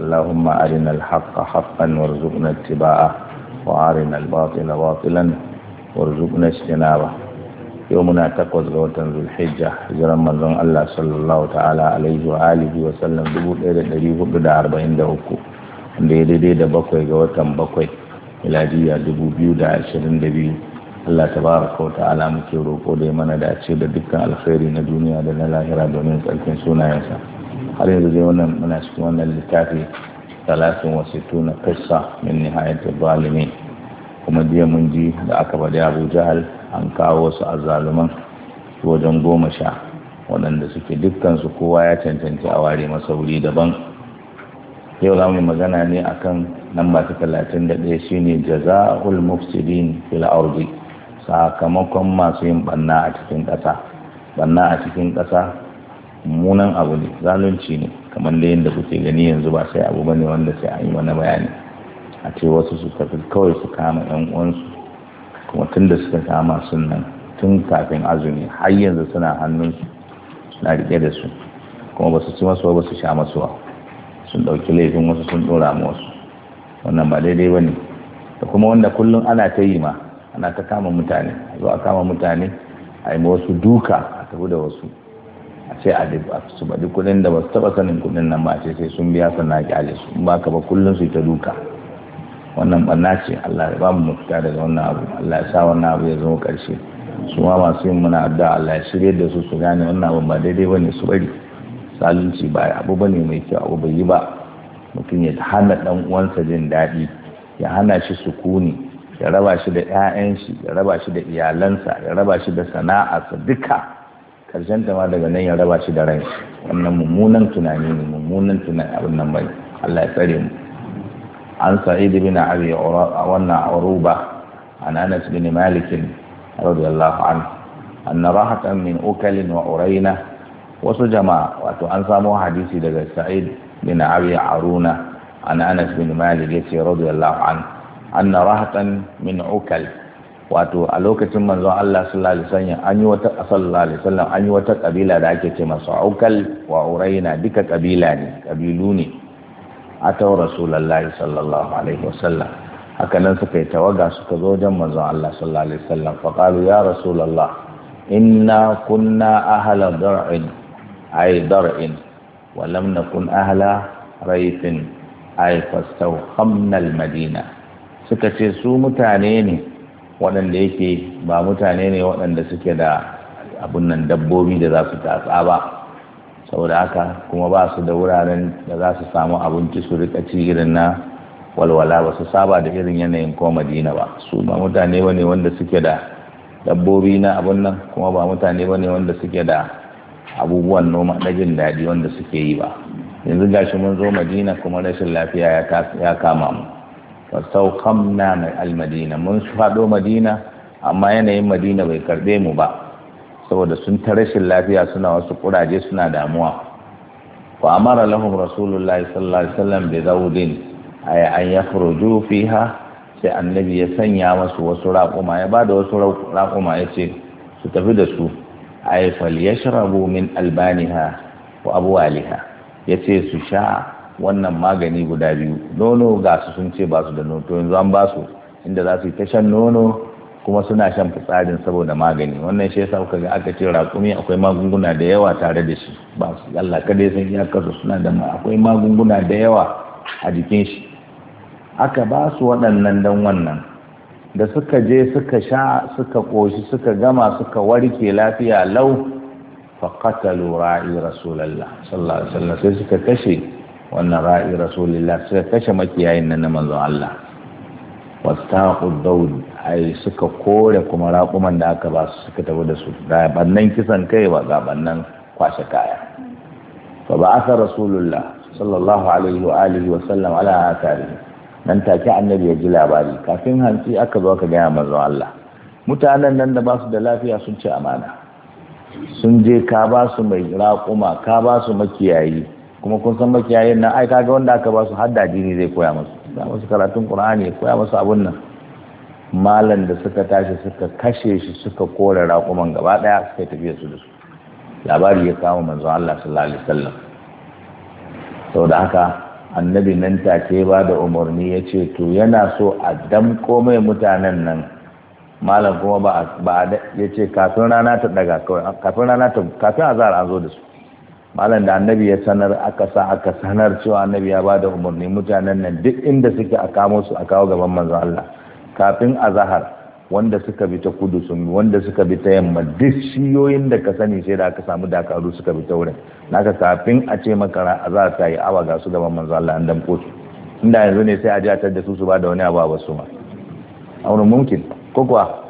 اللهم أرنا الحق حقا وارزقنا اتباعه وأرنا الباطل باطلا وارزقنا اجتنابه يومنا تقوز غوتن ذو الحجة جرم من الله صلى الله تعالى عليه وآله وسلم دبوت إلى دريه بدا أربعين دوكو daidai da bakwai ga watan bakwai miladiya dubu biyu da ashirin da biyu Allah tabaraka wa ta'ala muke roƙo da mana dace da dukkan alkhairi na duniya da na lahira domin tsarkin sunayensa har yanzu zai wannan muna cikin wannan littafi talatin wasu tuna kissa min nihayatul ne kuma jiya mun ji da aka bada abu jahal an kawo wasu azzaluman wajen goma sha waɗanda suke dukkansu kowa ya cancanci a ware masa wuri daban yau za mu magana ne akan ba ta talatin da ɗaya shine jaza'ul mufsidin fil ardi sakamakon masu yin ɓanna a cikin ƙasa mummunan abu ne zalunci ne kamar da yadda kuke gani yanzu ba sai abu bane wanda sai an yi mana bayani a ce wasu su tafi kawai su kama yan uwansu kuma tun da suka kama sun nan tun kafin azumi har yanzu suna hannunsu na rike da su kuma ba su ci masu ba su sha masu sun ɗauki laifin wasu sun dora ma wasu wannan ba daidai ba ne da kuma wanda kullum ana ta yi ma ana ta kama mutane a zo kama mutane a yi wasu duka a tafi da wasu a ce a su baɗi kuɗin da ba su taɓa sanin kuɗin nan ba ce sai sun biya sana a kyale su ba ka ba kullum su ta duka wannan ɓanna ce Allah ya ba mu mafita daga wannan abu Allah ya sa wannan abu ya zama ƙarshe su ma masu yin muna da Allah ya shirye da su su gane wannan abu ba daidai ba ne su bari salunci ba abu ba ne mai kyau abu bai yi ba mutum ya hana ɗan uwansa jin daɗi ya hana shi sukuni ya raba shi da 'ya'yan shi ya raba shi da iyalansa ya raba shi da sana'arsa duka karshen ma daga nan ya raba shi da rai wannan mummunan tunani ne mummunan tunani abin nan bai Allah ya tsare mu an sa'id bin abi wannan uruba an Anas bin Malik radiyallahu anhu anna rahatan min ukalin wa uraina wasu jama'a wato an samo hadisi daga sa'id bin abi aruna an Anas bin Malik yace radiyallahu anhu anna rahatan min ukal wato a lokacin manzon Allah sallallahu alaihi wasallam an yi wata sallallahu alaihi wasallam an yi wata kabila da ake ce masa aukal wa uraina duka kabila ne kabilu ne atau rasulullahi sallallahu alaihi wasallam haka nan suka yi tawaga suka zo wajen manzon Allah sallallahu alaihi wasallam fa qalu ya rasulullah inna kunna ahla dar'in ay dar'in wa lam nakun ahla raifin ay fastawhamna al-madina suka ce su mutane ne waɗanda yake ba mutane ne waɗanda suke da abun nan dabbobi da za su tatsa ba saboda haka kuma ba su da wuraren da za su samu abinci su rika ci irin na walwala ba su saba da irin yanayin ko madina ba su ba mutane ba ne wanda suke da dabbobi na abun nan kuma ba mutane ba ne wanda suke da abubuwan noma na jin daɗi wanda suke yi ba yanzu gashi mun zo madina kuma rashin lafiya ya kama mu na mai almadina mun faɗo madina amma yanayin madina bai karɓe mu ba saboda sun ta rashin lafiya suna wasu ƙuraje suna damuwa fa amara lahum rasulullahi sallallahu alaihi wasallam bi zawdin ay an yakhruju fiha sai annabi ya sanya masu wasu raƙuma ya bada wasu raƙuma ya ce su tafi da su ay falyashrabu min albaniha wa abwaliha yace su sha wannan magani guda biyu nono ga su sun ce ba su da nono yanzu an ba su inda za su yi ta shan nono kuma suna shan fitsarin saboda magani wannan shi yasa kuka ga aka ce raƙumi akwai magunguna da yawa tare da shi ba su Allah kada ya san kasu suna da akwai magunguna da yawa a jikin shi aka ba su waɗannan dan wannan da suka je suka sha suka ƙoshi suka gama suka warke lafiya lau faƙatalu ra'i rasulallah sallallahu alaihi wasallam sai suka kashe wannan ra'i rasulillah suka kashe makiyayin nan na manzon Allah wastaqu dawd ai suka kore kuma raƙuman da aka ba su suka tafi da su da bannan kisan kai ba ga bannan kwashe kaya fa ba'atha rasulullah sallallahu alaihi wa alihi wa sallam ala akari nan take annabi ya ji labari kafin hanci aka zo ka gaya manzon Allah mutanen nan da ba su da lafiya sun ci amana sun je ka ba su mai raƙuma ka ba su makiyayi kuma kun san makiyayin nan ai kaga wanda aka ba su hadda dini zai koya musu za musu karatun qur'ani ya koya masu abun nan malan da suka tashi suka kashe shi suka kore raƙuman gaba daya suka tafiya su da su labari ya kama manzon Allah sallallahu alaihi wasallam saboda haka annabi nan take ba da umarni ya ce to yana so a damko mai mutanen nan malam kuma ba a ya ce kafin rana ta daga kafin rana ta kafin an zo da su malam da annabi ya sanar aka sa aka sanar cewa annabi ya bada umarni mutanen nan duk inda suke a kamo su a kawo gaban manzo Allah kafin zahar wanda suka bi ta kudu sun wanda suka bi ta yamma duk shiyoyin da ka sani sai da aka samu dakaru suka bi ta wurin naka kafin a ce makara a za ta yi awa ga su gaban manzo Allah an dan kotu inda yanzu ne sai a ji a da su su ba da wani abu a wasu ma A wani mumkin ko kuwa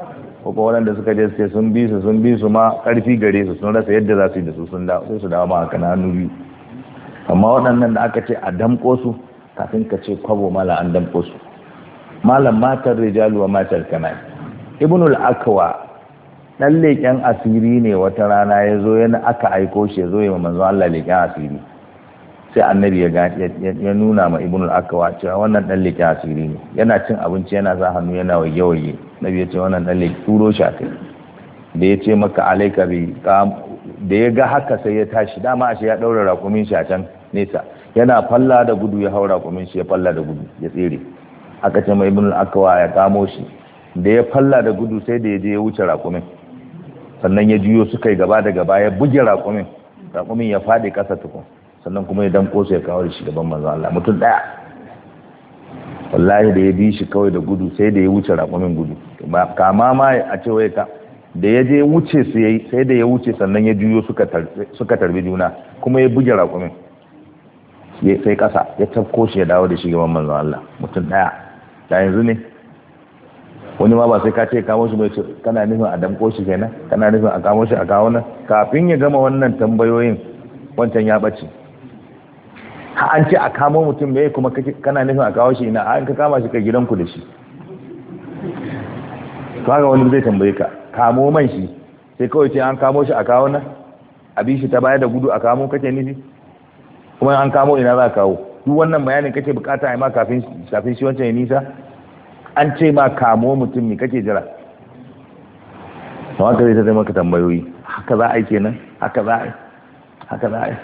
ko kuma waɗanda suka je sai sun bi su sun bi su ma ƙarfi gare su sun rasa yadda za su yi da su sun da sai su dawo ma haka na hannu biyu amma waɗannan da aka ce a damƙo su kafin ka ce kwabo mala an damƙo su malam matar rijalu wa matar ibnu ibnul akwa dan leƙen asiri ne wata rana ya zo yana aka aiko shi ya zo ya manzo Allah leƙen asiri sai annabi ya nuna ma ibn al akwa cewa wannan dan liki asiri ne yana cin abinci yana za hannu yana waje waje nabi ya ce wannan dan liki turo shi akai da ya ce maka alaika bi da ya ga haka sai ya tashi dama ashe ya daura rakumin shi a can nesa yana falla da gudu ya haura rakumin shi ya falla da gudu ya tsere aka ce ma ibn al akwa ya kamo shi da ya falla da gudu sai da ya je ya wuce rakumin sannan ya juyo suka yi gaba da gaba ya buge rakumin rakumin ya faɗi kasa tukun sannan kuma ya damko su ya kawo da shi gaban manzon Allah mutum daya wallahi da ya bi shi kawai da gudu sai da ya wuce raƙumin gudu kama ma a ce wai ka da ya je wuce su yayi sai da ya wuce sannan ya juyo suka tarbi juna kuma ya buge raƙumin sai kasa ya tafko shi ya dawo da shi gaban manzon Allah mutum daya da yanzu ne wani ma ba sai ka ce kamo shi mai ce kana nufin a damko shi kenan kana nufin a kamo shi a kawo nan kafin ya gama wannan tambayoyin wancan ya bace ha an ce a kamo mutum mai kuma kana nufin a kawo shi ina an ka kama shi ka gidanku da shi to haka wani zai tambaye ka kamo man shi sai kawai ce an kamo shi a kawo nan a shi ta baya da gudu a kamo kake nufi kuma an kamo ina za a kawo duk wannan bayanin kake bukata a ma kafin shafin shi wancan ya nisa an ce ma kamo mutum ne kake jira to haka zai ta zai maka tambayoyi haka za a yi kenan haka za a yi haka za a yi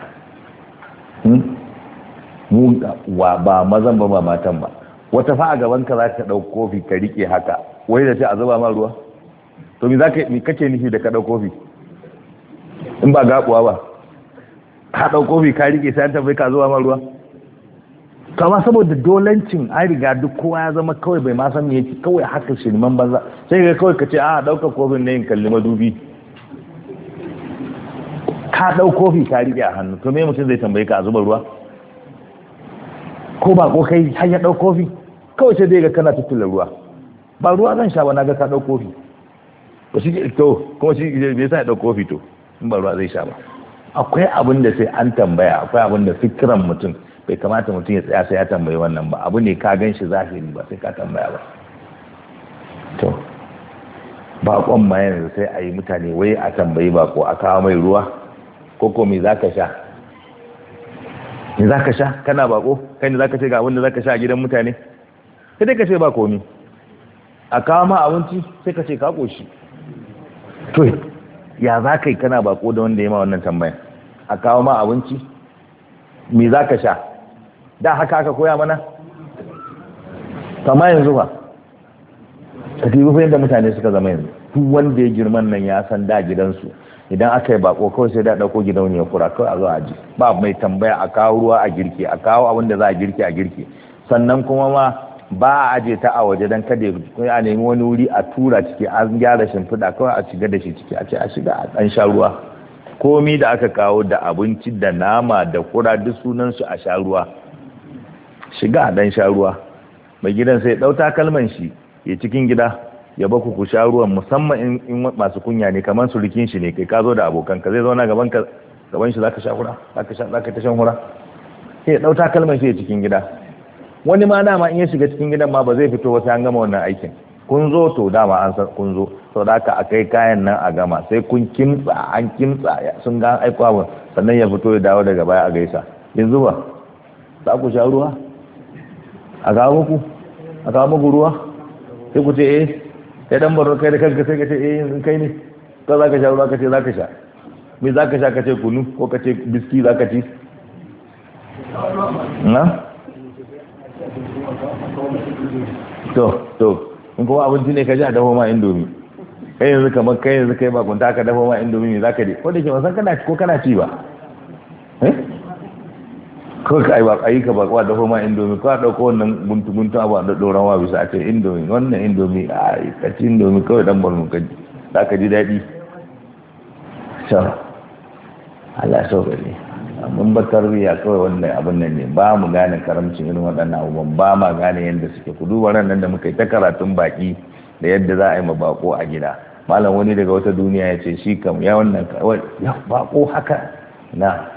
hmm? mu wa ba mazan ba ba matan ba wata fa a gaban ka za ka ɗau kofi ka rike haka wai da ce a zuba ma ruwa to me za ka me kake nufi da ka ɗau kofi in ba kuwa ba ka ɗau kofi ka rike sai an tafi ka zuba ma ruwa kama saboda dolancin an riga duk kowa ya zama kawai bai ma san me yake kawai haka shirman banza sai ga kawai ka ce a dauka kofin ne in kalli madubi ka ɗau kofi ka rike a hannu to me mutum zai tambaye ka a zuba ruwa ko ba ko kai har ya ɗau kofi kawai sai dai ga kana tuttula ruwa ba ruwa zan sha ba na ga ka ɗau kofi ba shi to kuma shi me yasa ya ɗau kofi to in ba ruwa zai sha ba akwai abin da sai an tambaya akwai abin da fikiran mutum bai kamata mutum ya tsaya sai ya tambayi wannan ba abu ne ka gan shi zahiri ba sai ka tambaya ba to bakon ma yanzu sai a yi mutane wai a tambayi ba ko a kawo mai ruwa ko ko me za ka sha ne za ka sha kana bako kan ne za ka ce ga wanda za ka sha a gidan mutane sai dai ka ce ba komi a kawo ma abinci sai ka ce ka koshi to ya za ka yi kana bako da wanda ya ma wannan tambayan a kawo ma abinci me za ka sha da haka aka koya mana kama yanzu ba a tibi fahimta mutane suka zama yanzu duk wanda ya girman nan ya san da gidansu idan aka yi bako kawai sai da ɗauko ya kura kawai a zo a ji ba mai tambaya a kawo ruwa a girki a kawo abin da za a girki a girki sannan kuma ma ba a aje ta a waje don kada a nemi wani wuri a tura ciki an gyara shimfiɗa kawai a shiga da shi ciki a ce a shiga ɗan sha ruwa komi da aka kawo da abinci da nama da kura duk sunansu a sha ruwa shiga a dan sha ruwa mai gidan sai ɗau takalman shi ya cikin gida ya baku ku sha ruwan musamman in masu kunya ne kamar rikin shi ne kai ka zo da abokan ka zai zauna gaban ka gaban shi zaka sha hura zaka sha zaka ta shan hura sai dau kalmar shi cikin gida wani ma dama in ya shiga cikin gidan ma ba zai fito ba sai an gama wannan aikin kun zo to dama an san kun zo to da haka akai kayan nan a gama sai kun kimtsa an kimtsa sun ga aiko abu sannan ya fito ya dawo daga baya a gaisa yanzu ba za ku sha ruwa a kawo muku a kawo muku ruwa sai ku ce eh kai dan kai da kanka sai ka ce eh in kai ne ka za ka sha ruwa ka ce za ka sha me za ka sha ka ce kunu ko ka ce biski za ka ci na to to in kuma abinci ne ka ji a dafa ma indomi kai yanzu kamar kai yanzu kai bakunta ka dafa ma indomi ne za ka je ko da ke wasan kana ko kana ci ba eh kawai ka ba ayi ka kwa da homa indomi ka dauko wannan guntu guntu abu da doran wa bisa a ce indomi wannan indomi a ka ci indomi kawai dan bar ka ji za ka ji daɗi So Allah so gari mun ba tarbiya kawai wannan abin nan ne ba mu gane karamcin irin waɗannan abubuwan ba ma gane yadda suke ku duba ran nan da muka yi ta karatun baki da yadda za a yi ma bako a gida malam wani daga wata duniya ya ce shi kam ya wannan Ya bako haka na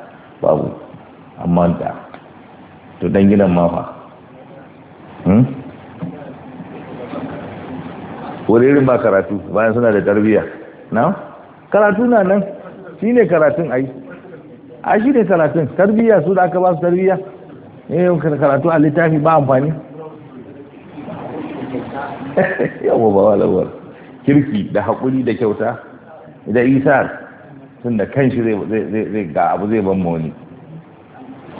babu amma da to dan gidan ma fa hmm? wani irin ba karatu bayan suna da tarbiyya na karatu na nan shi ne karatun ai a shi ne karatun tarbiyya su da aka ba su tarbiyya ne eh, yau karatu a littafi ba amfani yawon ba walawar kirki da haƙuri da kyauta da isar tun da kan shi zai ga abu zai ban mawani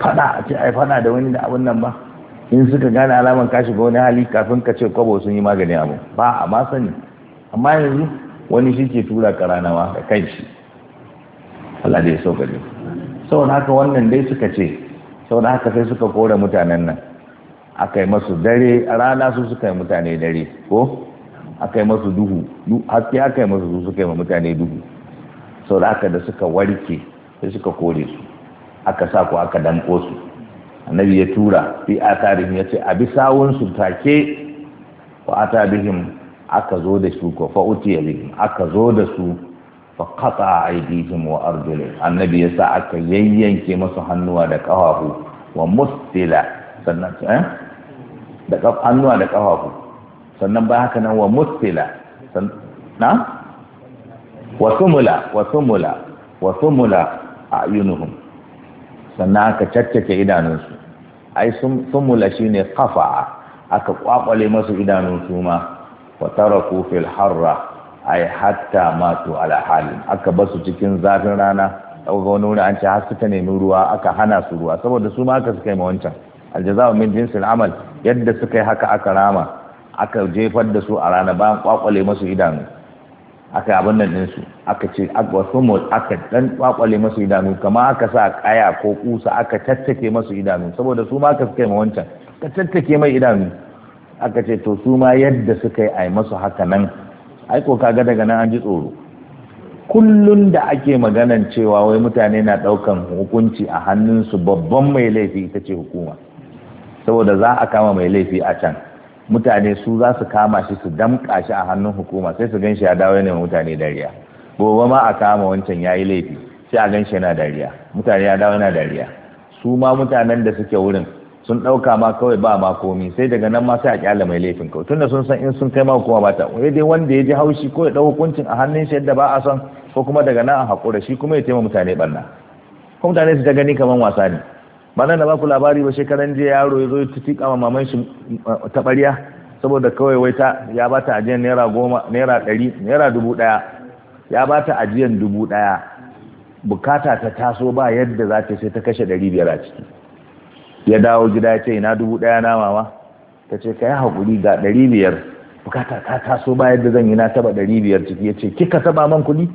fada a ce ai fada da wani da abin nan ba in suka gane alaman ka shiga wani hali kafin ka ce kwabo sun yi magani abu ba a ma sani amma yanzu wani shi ke tura ka ranawa da kai shi Allah dai so gari saboda haka wannan dai suka ce saboda haka sai suka kore mutanen nan a kai masu dare rana su suka yi mutane dare ko a kai masu duhu haske a kai masu su suka yi mutane duhu saboda haka da suka warke sai suka kore su aka sa ku aka danko su annabi ya tura fi atarihim ya ce a bi su take wa ata bihim aka zo da su ko fa ya bihim aka zo da su fa qata aydihim wa arjuluhum annabi ya sa aka yayyanke masu hannuwa da kafafu wa mustila sannan eh da hannuwa da kafafu sannan ba haka nan wa mustila na wa sumula wa sumula wa sumula ayunuhum sannan aka caccake idanunsu ai sun mula shi ne kafa aka kwakwale masu idanun su ma wa taraku fil harra ai hatta matu ala halin aka basu cikin zafin rana ɗauka wani wuri an ce har suka nemi ruwa aka hana su ruwa saboda su ma aka suka yi ma wancan aljaza'u min jinsil amal yadda suka yi haka aka rama aka jefar da su a rana bayan kwakwale masu idanu aka abin nan su. aka ce wasu aka dan kwakwale masu idanu kamar aka sa kaya ko kusa aka tattake masu idanu saboda su ma aka suka yi wancan ka tattake mai idanu aka ce to su ma yadda suka yi ai masu haka nan ai ko kaga daga nan an ji tsoro kullun da ake maganan cewa wai mutane na ɗaukan hukunci a hannunsu babban mai laifi ita ce hukuma saboda za a kama mai laifi a can mutane su za su kama shi su damƙa shi a hannun hukuma sai su gan shi ya dawo yana mutane dariya gobe ma a kama wancan ya yi laifi sai a gan yana dariya mutane ya dawo yana dariya su ma mutanen da suke wurin sun ɗauka ma kawai ba ma komi sai daga nan ma sai a kyala mai laifin kawai tunda sun san in sun kai ma hukuma ba ta wai dai wanda ya ji haushi ko ya ɗau hukuncin a hannun shi yadda ba a son ko kuma daga nan a haƙura shi kuma ya taimaka mutane ɓanna ko mutane su ta gani kamar wasa ne ba nan da ba ku labari ba shekaran jiya yaro ya zo ta tuka ma maman shi taɓarya saboda kawai wai ta ya ba ta ajiyan naira goma naira ɗari naira dubu ɗaya ya ba ta ajiyan dubu ɗaya bukata ta taso ba yadda za ta sai ta kashe ɗari biyar a ciki ya dawo gida ya ce ina dubu ɗaya na mama ta ce ka yi haƙuri ga ɗari biyar bukata ta taso ba yadda zan yi na taɓa ɗari biyar ciki ya ce kika taɓa man kuɗi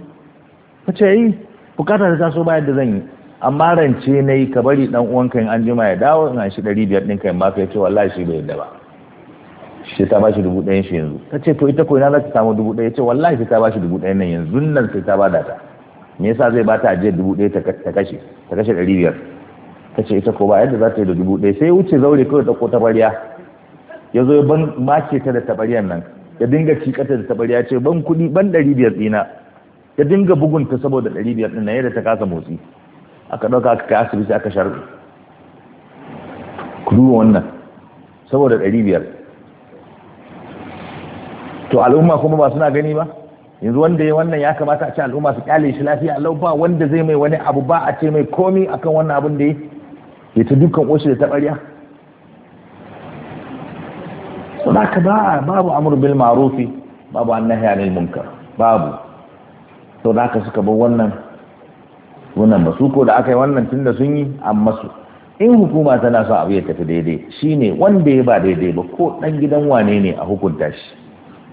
ta ce yi eh. bukata ta taso ba yadda zan yi amma rance na yi ka bari dan uwanka in an jima ya dawo in shi ɗari biyar ɗin kai ma kai ce wallahi shi bai yadda ba shi ta bashi dubu ɗayan shi yanzu ta ce to ita ko ina za ta samu dubu ɗaya ce wallahi shi ta bashi dubu ɗayan nan yanzu nan sai ta bada ta me yasa zai bata ajiyar dubu ɗaya ta kashe ta kashe ɗari biyar ta ce ita ko ba yadda za ta yi da dubu ɗaya sai wuce zaure kawai ta ko bariya ya zo ya ban mace ta da tabariyar nan ya dinga cikata da tabariya ce ban kuɗi ban ɗari biyar ɗina ya dinga bugunta saboda ɗari biyar ɗin na yadda ta kasa motsi aka ɗauka aka kai asibiti aka sharbi ku duba wannan saboda ɗari biyar to al'umma kuma ba suna gani ba yanzu wanda ya wannan ya kamata a ce al'umma su kyale shi lafiya lau ba wanda zai mai wani abu ba a ce mai komi akan wannan abun da ya ta dukkan oshi da taɓarya sadaka ba babu amur bil ma'rufi babu annahi anil munkar babu sadaka suka bar wannan wannan ba su ko da aka yi wannan tun da sun yi an masu in hukuma tana son abu ya tafi daidai shine wanda ya ba daidai ba ko ɗan gidan wane ne a hukunta shi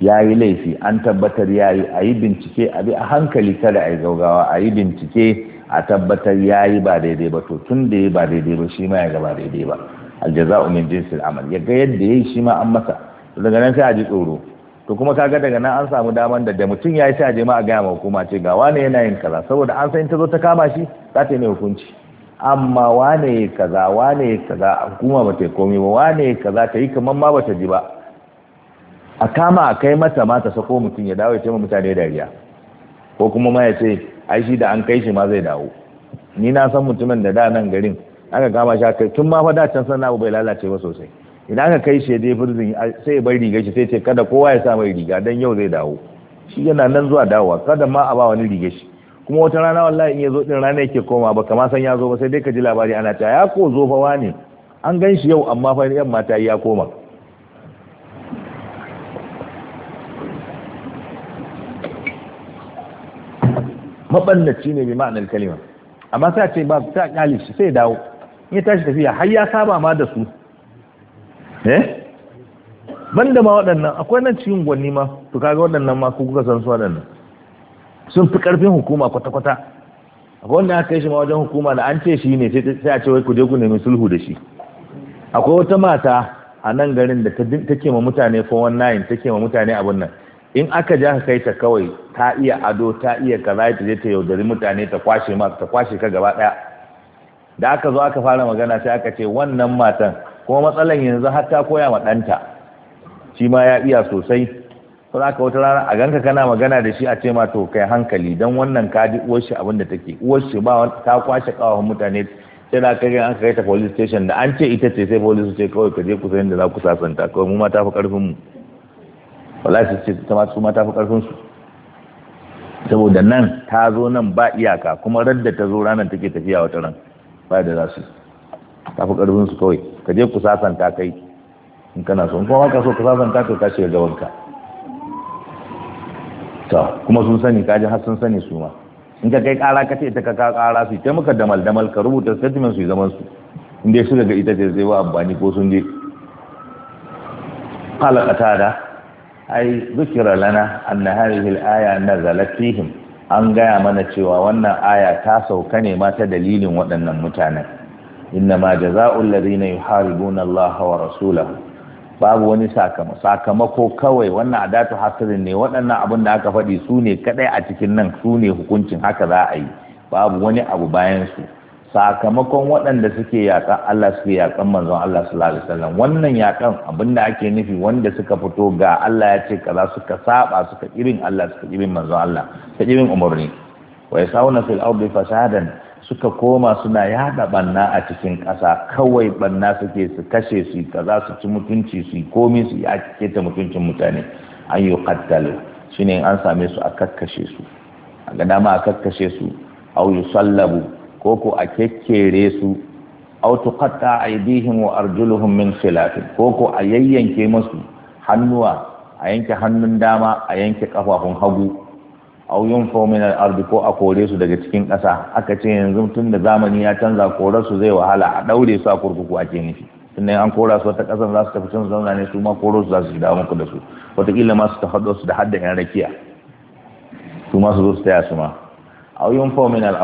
ya yi laifi an tabbatar ya yi a yi bincike a bi a hankali kada a yi gaugawa a yi bincike a tabbatar ya yi ba daidai ba to tun da ya ba daidai ba shi ma ya ga ba daidai ba aljaza'u min jinsil amal ya ga yadda ya yi shi ma an masa daga nan sai a ji tsoro to kuma kaga daga nan an samu daman da mutum ya yi sai a je a gaya ma hukuma ce ga wane yana yin kaza saboda an san ta zo ta kama shi za ta yi mai hukunci amma wane ya kaza wane ya kaza hukuma ba ta yi komai ba wane ya kaza ta yi kamar ma ba ta ji ba a kama a kai mata ma ta sako mutum ya dawo ya ce mutane dariya ko kuma ma ya ce ai shi da an kai shi ma zai dawo ni na san mutumin da da nan garin aka kama shi kai tun ma fa da can san abu bai lalace ba sosai idan aka kai shi je firzin sai bai riga shi sai ce kada kowa ya sa mai riga dan yau zai dawo shi yana nan zuwa dawowa kada ma a ba wani riga shi kuma wata rana wallahi in ya zo din rana yake koma ba kama san ya zo ba sai dai ka ji labari ana ta ya ko zo fa wani an gan shi yau amma fa yan mata ya koma mabannaci ne bi ma'anar kalima amma sai ce ba ta kalishi sai dawo in ya tashi tafiya har ya saba ma da su eh ban da ma waɗannan akwai nan cikin gwanni ma to kaga waɗannan ma ku kuka san su waɗannan sun fi ƙarfin hukuma kwata-kwata akwai wanda aka kai shi ma wajen hukuma da an ce shi ne sai a ce wai ku je ku nemi sulhu da shi akwai wata mata a nan garin da take ma mutane 419 take ma mutane abin nan in aka ja ka kai ta kawai ta iya ado ta iya za ta je ta yaudari mutane ta kwashe ma ta kwashe ka gaba ɗaya da aka zo aka fara magana sai aka ce wannan matan kuma matsalan yanzu har ta koya wa ɗanta shi ma ya iya sosai ko za ka wata rana a ganka kana magana da shi a ce ma to kai hankali don wannan ka ji uwar shi abin da take uwar shi ba ta kwashe kawawan mutane sai da kai an kai ta police station da an ce ita ce sai police ce kawai ka je kusa yadda za ku sasanta kawai mu ma ta fi karfin mu wallahi ce ta ma su ma ta fi karfin su saboda nan ta zo nan ba iyaka kuma radda ta zo ranar take tafiya wata ran ba da za su tafi fi su kawai ka je ku sasanta kai in kana so in kuma ka so ka sasanta kai ka shiga gawanka to kuma sun sani ka ji har sun sani su ma in ka kai kara ka ce ta ka kara su ta maka damal damal ka rubuta statement su zaman su in dai su daga ita ce zai wa amfani ko sun je qala qatada ai zikira lana anna hadhihi al-aya nazalat fihim an gaya mana cewa wannan aya ta sauka ne ma ta dalilin waɗannan mutanen innama jaza'ul ladina yuharibuna Allah wa rasulahu babu wani sakamako kawai wannan adatu hasirin ne waɗannan abin da aka faɗi su ne kaɗai a cikin nan su ne hukuncin haka za a yi babu wani abu bayan su sakamakon waɗanda suke yaƙan Allah suke yaƙan manzon Allah sallallahu alaihi wasallam wannan yaƙan abin da ake nufi wanda suka fito ga Allah ya ce kaza suka saba suka irin Allah suka irin manzon Allah suka irin umarni wa yasawuna fil ardi fasadan suka koma suna yada banna a cikin ƙasa kawai banna suke su kashe su kaza su ci mutunci su komi su ya keta mutuncin mutane an yi kattalo ne an same su a kakkashe su a ga dama a kakkashe su au sallabu, ko ko a kekkere su au a aydihim wa arjuluhun min filafin ko ko a yayyanke musu hannuwa a yanke hannun dama a yanke ƙafafun hagu au yunfaw min ko a kore su daga cikin ƙasa aka ce yanzu tun da zamani ya canza korar su zai wahala a daure su a kurkuku ake nufi tunda an kora su wata ƙasar za su tafi can zauna ne su ma korar su za su dawo muku da su wataƙila ma su ta faɗo su da hadda yan rakiya su ma su zo su taya su ma au yunfaw min al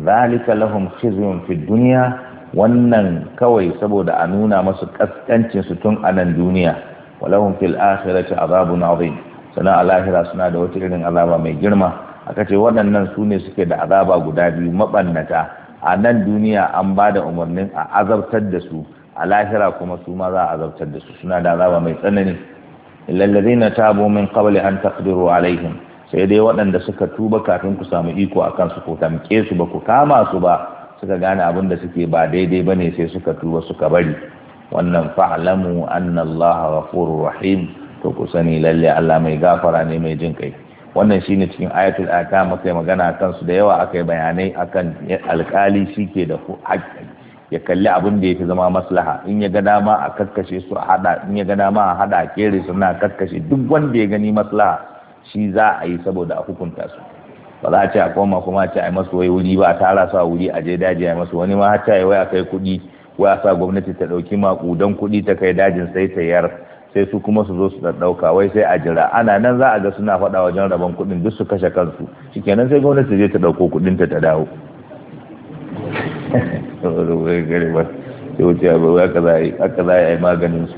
zalika lahum khizyun fi dunya wannan kawai saboda a nuna masu kaskancin su tun a nan duniya walahum fil akhirati azabun azim sannan a lahira suna da wata irin azaba mai girma aka ce waɗannan su ne suke da azaba guda biyu maɓannata a nan duniya an ba da umarnin a azabtar da su a lahira kuma su ma za a azabtar da su suna da azaba mai tsanani lallazi na tabo min kabali an takdiru alaihim sai dai waɗanda suka tuba kafin ku samu iko a kansu ku tamke su ba ku kama su ba suka gane abin da suke ba daidai bane sai suka tuba suka bari wannan fa'alamu anna ghafurur rahim to ku sani lalle Allah mai gafara ne mai jin kai wannan shine cikin ayatul ahkam kai magana akan su da yawa akai bayanai akan alkali shike da haƙƙi ya kalli abin da ya fi zama maslaha in ya ga dama a kakkashe su a hada in ya ga dama a hada kere su na kakkashe duk wanda ya gani maslaha shi za a yi saboda a hukunta su ba za a ce a koma kuma ce a yi masu wai wuri ba a tara su a wuri a je daji a yi masu wani ma har ta yi wai a kai kuɗi wai a sa gwamnati ta ɗauki maƙudan kuɗi ta kai dajin sai ta yar sai su kuma su zo su ɗauka wai sai a jira ana nan za a ga suna faɗa wajen rabon kuɗin duk su kashe kansu shikenan sai gwamnati je ta ɗauko kuɗin ta ta dawo haka za a yi maganin su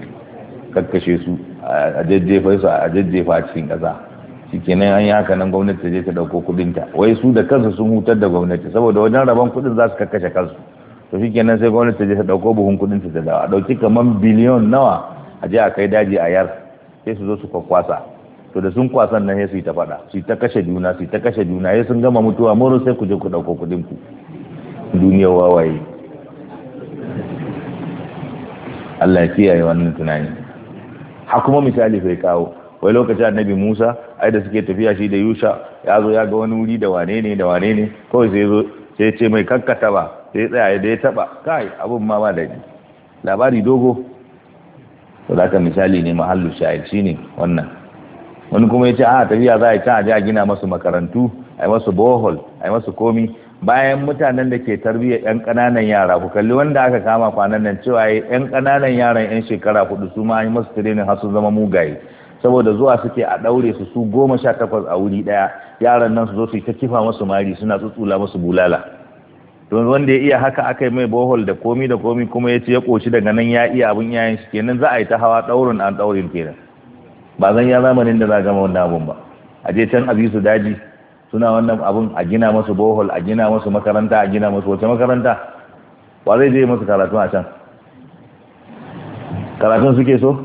kakkashe su a jajjefa su a jajjefa cikin ƙasa shikenan an yi haka nan gwamnati ta je ta ɗauko kuɗin ta wai su da kansu sun hutar da gwamnati saboda wajen rabon kuɗin za su kakkashe kansu to shikenan sai gwamnati ta je ta ɗauko buhun kuɗin ta ta dawo a ɗauki kamar biliyon nawa a je a kai daji a yar sai su zo su kwakwasa to da sun kwasan nan sai su yi ta faɗa su yi ta kashe juna su yi ta kashe juna sai sun gama mutuwa moro sai ku je ku ɗauko kuɗin ku duniya wawaye Allah ya kiyaye wannan tunani ha kuma misali sai kawo wai lokacin annabi Musa ai da suke tafiya shi da Yusha ya zo ya ga wani wuri da wane ne da wane ne kawai sai zo sai ce mai kakkata ba sai tsaya da ya taba kai abun ma ba da labari dogo to da misali ne mahallu shahid ne wannan wani kuma ya ce a tafiya za a can a gina masu makarantu a masu bohol a masu komi bayan mutanen da ke tarbiyyar yan ƙananan yara ku kalli wanda aka kama kwanan nan cewa yan kananan yaran yan shekara hudu su ma yi masu tirenin har su zama mugaye saboda zuwa suke a ɗaure su su goma sha takwas a wuri ɗaya yaran nan su zo su yi ta kifa masu mari suna tsutsula masu bulala to wanda ya iya haka aka yi mai bohol da komi da komi kuma ya ce ya koci daga nan ya iya abin yayin shi kenan za a yi ta hawa ɗaurin an ɗaurin kenan ba zan ya zamanin da za a gama wannan abun ba a je can a su daji suna wannan abun a gina masu bohol a gina masu makaranta a gina masu wace makaranta ba zai je masu karatu a can karatun suke so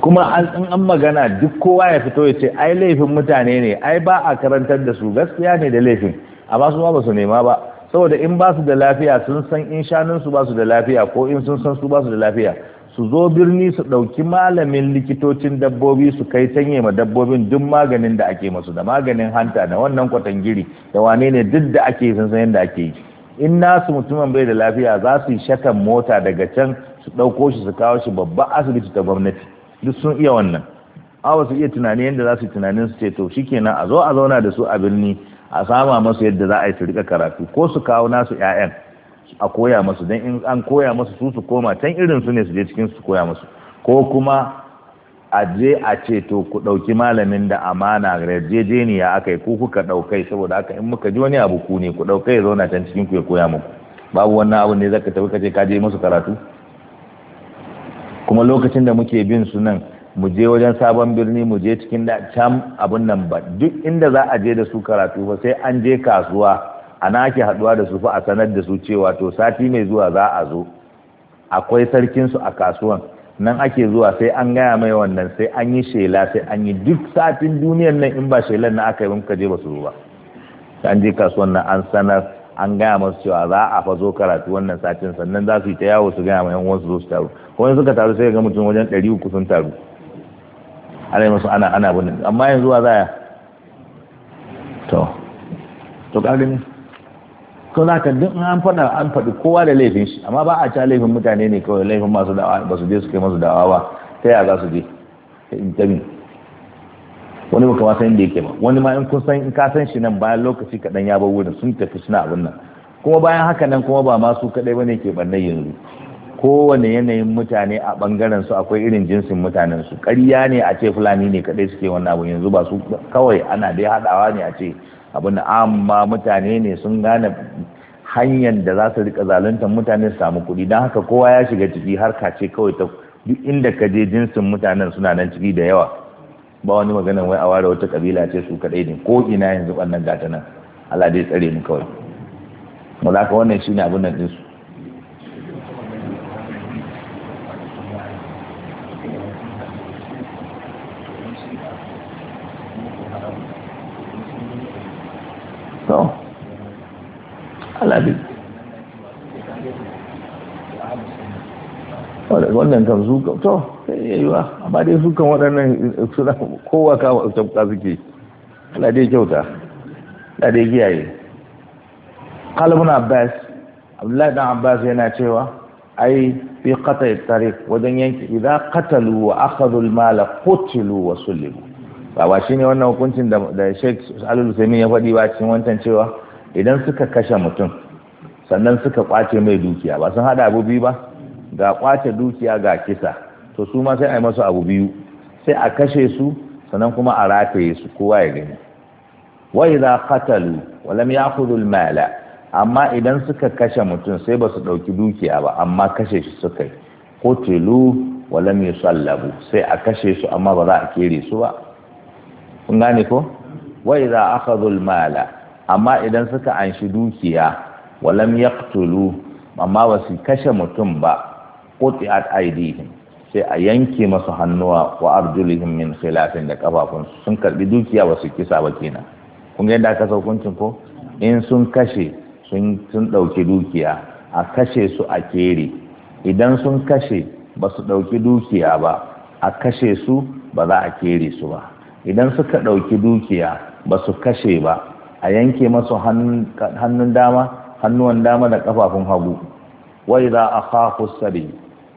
kuma an an magana duk kowa ya fito ya ce ai laifin mutane ne ai ba a karantar da su gaskiya ne da laifin amma su ma ba su nema ba saboda in ba su da lafiya sun san in shanun su ba su da lafiya ko in sun san su ba su da lafiya su zo birni su ɗauki malamin likitocin dabbobi su kai sanye ma dabbobin duk maganin da ake masu da maganin hanta da wannan kwatangiri da wane ne duk da ake sun san yadda ake yi in nasu mutumin bai da lafiya za su yi shakan mota daga can su ɗauko shi su kawo shi babban asibiti ta gwamnati duk sun iya wannan a su iya tunani yadda za su yi tunanin su ce to shikenan a zo a zauna da su a birni a sama masu yadda za a yi su karatu ko su kawo nasu 'ya'yan a koya masu don in an koya masu su su koma can irin su ne su je cikin su koya masu ko kuma a je a ce to ku ɗauki malamin da amana yarjejeniya aka yi ko kuka ɗaukai saboda haka in muka ji wani abu ku ne ku ɗaukai zauna can cikin ku ya koya muku babu wannan abu ne zaka tafi ka je ka je masu karatu kuma lokacin da muke bin su nan mu je wajen sabon birni mu je cikin da can abin nan ba duk inda za a je da su karatu ba sai an je kasuwa a na ake haɗuwa da su fa a sanar da su cewa to sati mai zuwa za a zo akwai sarkin su a kasuwan nan ake zuwa sai an gaya mai wannan sai an yi shela sai an yi duk satin duniyan nan in ba shelan na aka yi ka je ba su zo ba an je kasuwan nan an sanar an gaya masu cewa za a fa zo karatu wannan satin sannan za su yi ta yawo su gaya ma yan uwansu zo su taru wani suka taru sai ga mutum wajen ɗari uku sun taru ana masu ana ana bane amma yanzu wa zaya to to gani to za ka duk an fada an fadi kowa da laifin shi amma ba a ca laifin mutane ne kawai laifin masu da'awa ba su je su kai masu da'awa ba ta ya za su je ta intami wani baka wasan inda yake ba wani ma in kun san in ka san shi nan bayan lokaci kaɗan ya bar wurin sun tafi suna abin nan kuma bayan haka nan kuma ba ma su kaɗai ba ne ke ɓannai yanzu kowane yanayin mutane a bangaren su akwai irin jinsin mutanen su ƙarya ne a ce fulani ne kadai suke wannan abu yanzu ba su kawai ana dai haɗawa ne a ce abin amma mutane ne sun gane hanyar da za su rika zaluntar mutane su samu kuɗi don haka kowa ya shiga ciki ka ce kawai ta duk inda ka je jinsin mutanen suna nan ciki da yawa ba wani magana wai a ware wata kabila ce su kadai ne ko ina yanzu wannan gata nan Allah dai tsare mu kawai mu za wannan shine abin nan ɗinsu Allah wannan kan su to sai yayiwa amma dai su kan waɗannan suna kowa kama tafka suke Allah dai kyauta Allah dai kiyaye qalbun abbas abdullahi dan abbas yana cewa ai fi qata tariq wajen yanki idan qatalu wa akhadhu al-mala qutilu wa sulibu ba ba shine wannan hukuncin da da Sheikh Al-Uthaymeen ya faɗi ba cikin wancan cewa idan suka kashe mutum sannan suka kwace mai dukiya ba sun hada abu biyu ba ga kwace dukiya ga kisa to su ma sai a yi masu abu biyu sai a kashe su sannan kuma a rataye su kowa ya gani wa idza qatalu wa lam ya'khudhu mala amma idan suka kashe mutum sai ba su dauki dukiya ba amma kashe shi suka yi qutilu wa lam yusallabu sai a kashe su amma ba za a kere su ba kun gane ko wa idza akhadhu mala amma idan suka anshi dukiya walam yaqtulu amma ba su kashe mutum ba quti'at ID, sai a yanke masu hannuwa wa arjulihim min khilafin da kafafun sun karbi dukiya ba su kisa ba kenan kun ga yadda aka saukuncin ko in sun kashe sun ɗauki dukiya a kashe su a kere idan sun kashe ba su dauki dukiya ba a kashe su ba za a kere su ba idan suka ɗauki dukiya ba su kashe ba a yanke masu hannun dama hannuwan dama da kafafun hagu wa idza akhafu sabi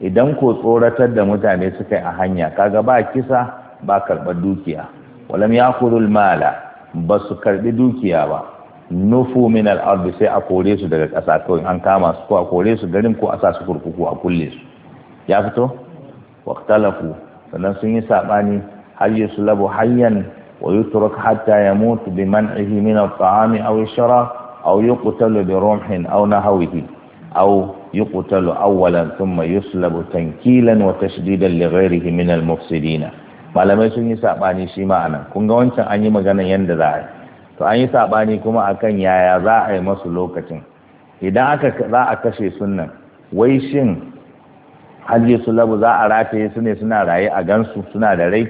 idan ko tsoratar da mutane suka yi a hanya kaga ba kisa ba karɓar dukiya walam yaqulul mala ba su karɓi dukiya ba nufu min al sai a kore su daga ƙasa kawai an kama su ko a kore su garin ko a sa su kurkuku a kulle su ya fito waqtalafu sannan sun yi saɓani har sulabu hayyan ويترك حتى يموت بمنعه من الطعام أو الشراب أو يقتل برمح أو نهوه أو يقتل أولا ثم يسلب تنكيلا وتشديدا لغيره من المفسدين malamai sun yi saɓani shi ma'ana kun ga wancan an yi maganan yadda za a yi to an yi saɓani kuma akan yaya za a yi masu lokacin idan aka za a kashe sunan wai shin hajji su labu za a rataye su ne suna raye a gansu suna da rai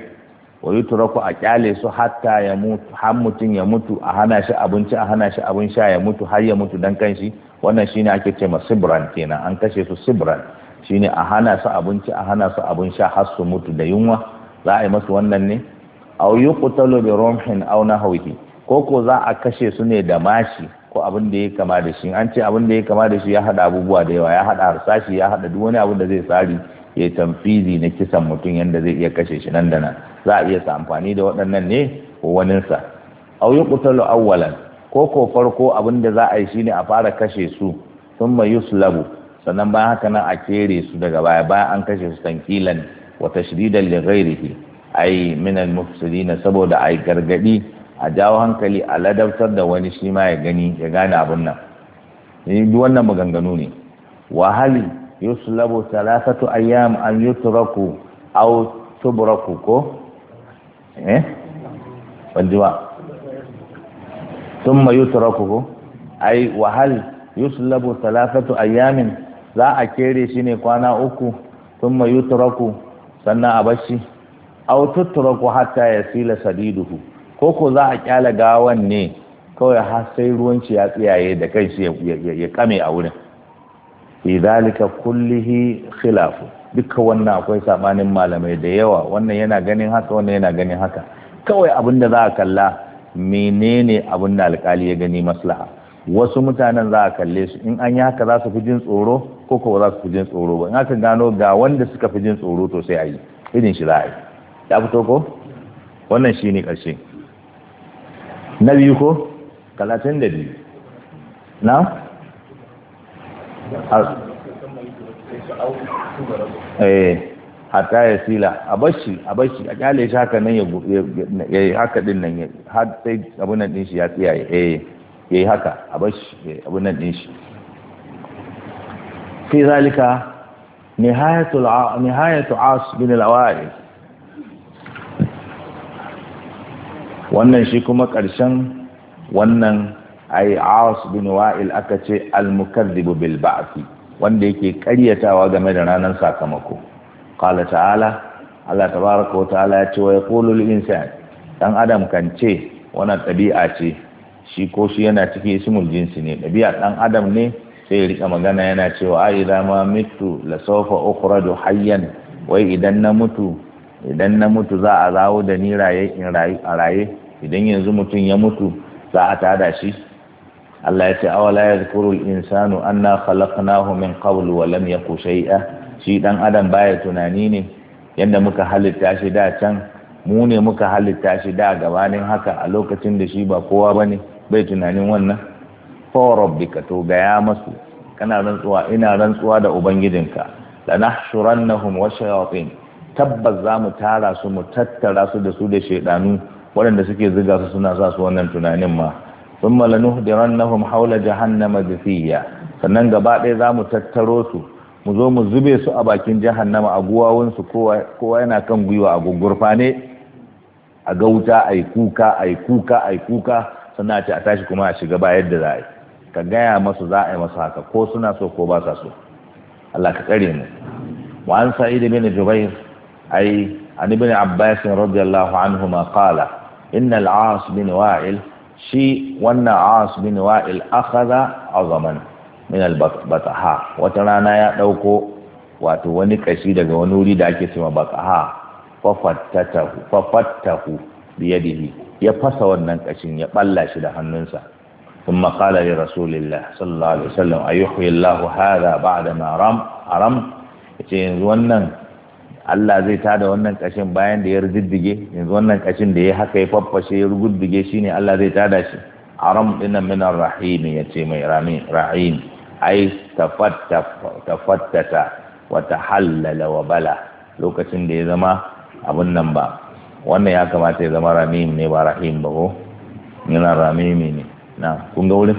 wa turaku a kyale su hatta ya mutu har mutum ya mutu a hana shi abinci a hana shi abin sha ya mutu har ya mutu dan kanshi wannan shine ake ce ma sibran kenan an kashe su sibran shine a hana su abinci a hana su abin sha har su mutu da yunwa za a yi masu wannan ne aw yuqtalu bi rumhin aw nahwihi ko ko za a kashe su ne da mashi ko abin da ya kama da shi an ce abin da ya kama da shi ya hada abubuwa da yawa ya hada harsashi ya hada duk wani abin da zai tsari ya tamfizi na kisan mutum yadda zai iya kashe shi nan da nan za a iya sa amfani da waɗannan ne ko waninsa au yi kutalo awwalan ko ko farko abin da za a yi shine a fara kashe su sun mai yuslabu sannan bayan haka nan a kere su daga baya bayan an kashe su tankilan Wata tashridan li a yi minan al na saboda a yi gargadi a jawo hankali a ladabtar da wani shi ma ya gani ya gane abin nan ni duk wannan maganganu ne wa yuslabu salasatu ayyam an yutraku aw tubraku ko eh wajiba thumma yutraku ko ai wa hal yuslabu salasatu ayyam za a kere shi ne kwana uku thumma yutraku sannan a bashi aw tutraku hatta yasila sadiduhu ko ko za a kyala gawan ne kawai har sai ruwan ya tsiyaye da kanshi ya kame a wurin fi kullihi khilafu duka wannan akwai sabanin malamai da yawa wannan yana ganin haka wannan yana ganin haka kawai abin da za a kalla menene abin da alkali ya gani maslaha wasu mutanen za a kalle su in an yi haka za su fi jin tsoro ko ko za su fi jin tsoro ba in aka gano ga wanda suka fi jin tsoro to sai a yi irin shi za a yi ya fito ko wannan shi ne ƙarshe na biyu ko talatin da biyu na Eh, hatta ya sila a bashi a bashi a kyale shi haka nan ya yi haka din nan ya har sai abunan din shi ya tsiyaye eh ya yi haka a bashi eh, abunan din shi fi zalika nihayatul nihayatu as bin al wannan shi kuma karshen wannan ai awas bin wa'il aka ce al-mukazzibu bil ba'thi wanda yake karyatawa game da ranar sakamako qala ta'ala Allah tabaraka wa ta'ala ya ce wa yaqulu al insan dan adam kan ce wannan tabi'a ce shi ko shi yana cikin ismul jinsi ne tabi'a dan adam ne sai ya rika magana yana cewa a idza ma mitu la sawfa ukhraju hayyan wai idan na mutu idan na mutu za a zawo da ni raye in raye idan yanzu mutum ya mutu za a tada shi Allah ya ce awala yadhkuru al-insanu anna khalaqnahu min qablu wa lam yaku shay'a shi dan adam baya tunani ne yanda muka halitta shi da can mu ne muka halitta shi da gabanin haka a lokacin da shi ba kowa bane bai tunanin wannan fa rabbika to gaya masu kana rantsuwa ina rantsuwa da ubangijinka nahshurannahum wa shayatin tabbas za mu tara su mu tattara su da su da shaidanu waɗanda suke ziga su suna sa su wannan tunanin ma thumma lanuhdirannahum haula jahannama jithiya sannan gaba ɗaya zamu tattaro su mu zo mu zube su a bakin jahannama a guwawun kowa yana kan gwiwa a ne a gauta yi kuka yi kuka yi kuka suna ce a tashi kuma a shiga ba yadda za a yi ka gaya masu za a yi masu haka ko suna so ko ba sa so Allah ka tsare mu wa an sa'id bin jubair ai an ibn abbas radiyallahu anhuma qala inna al-aas bin wa'il shi wannan as bin wa'il akhadha azaman min al-bataha wata rana ya dauko wato wani kashi daga wani wuri da ake cewa bataha fafattatahu fafattahu biyadihi ya fasa wannan kashin ya balla shi da hannunsa ثم قال لرسول الله صلى الله عليه وسلم أيحيي الله هذا بعد ما رم أرم يتين Allah zai tada wannan kashin bayan da ya riddige yanzu wannan kashin da ya haka ya faffashe ya ruguddige shine Allah zai tada shi aram dinan min arrahim ce mai rami rahim ai tafattata wa tahallala wa bala lokacin da ya zama abun nan ba wannan ya kamata ya zama ramim ne ba rahim ba ko min ramimi ne na kun ga wurin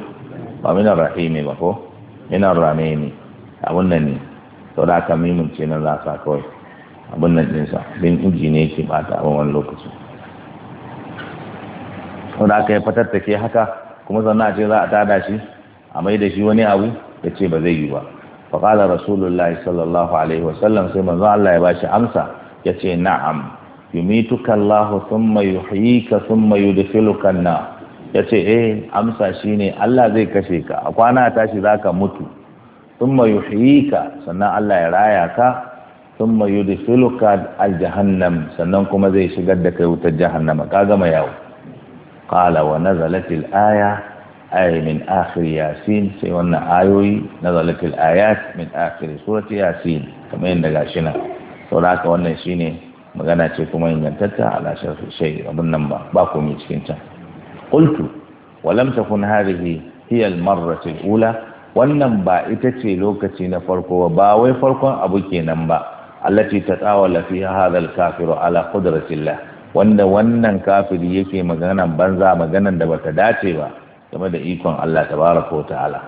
ba minar rahimi ba ko minar ne. abun nan ne sau da aka mimin ce nan za sa kawai abin nan ɗinsa bin uji ne yake bata a wani lokaci wanda aka yi fatar take haka kuma sannan a ce za a tada shi a mai da shi wani abu ya ce ba zai yi ba faƙalar rasulullahi sallallahu alaihi wasallam sai manzo Allah ya bashi amsa ya ce na'am yumituka Allah thumma yuhyika thumma yudkhiluka na ya ce eh amsa shine Allah zai kashe ka a kwana tashi zaka mutu thumma yuhyika sannan Allah ya raya ka sun mayu da filuka aljahannam sannan kuma zai shigar da kai wutar jahannama ka gama yawo qala wa nazalatil aya min akhir yasin sai wannan ayoyi nazalatil ayat min akhir surati yasin kamar yadda gashi nan saboda haka wannan shine magana ce kuma ingantatta ala sharhi shay abun ba ba komai cikin ta qultu wa lam takun hadhihi hiya ula wannan ba ita ce lokaci na farko ba wai farkon abu kenan ba allati tatawala fiha hadha al-kafiru ala qudratillah wanda wannan kafiri yake magana banza maganan da bata dace ba game da ikon Allah ta wa ta'ala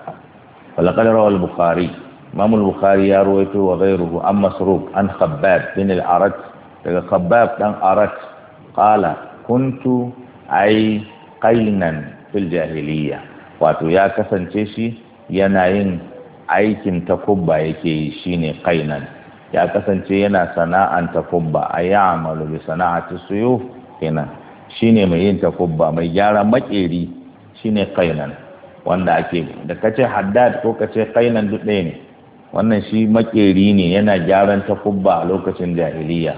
ala. rawa al-bukhari imam bukhari ya rawaito wa ghayruhu an masruq an khabbab bin al-arat daga khabbab ɗan arat qala kuntu ai qainan fil jahiliya wato ya kasance shi yana yin aikin ta kubba yake yi shine qainan ya kasance yana sana'an takubba a ya amalu bi sana'ati suyu kenan shine mai yin takubba mai gyara makeri shine kainan wanda ake da kace haddad ko kace kainan duk ɗaya ne wannan shi makeri ne yana gyaran takubba a lokacin jahiliya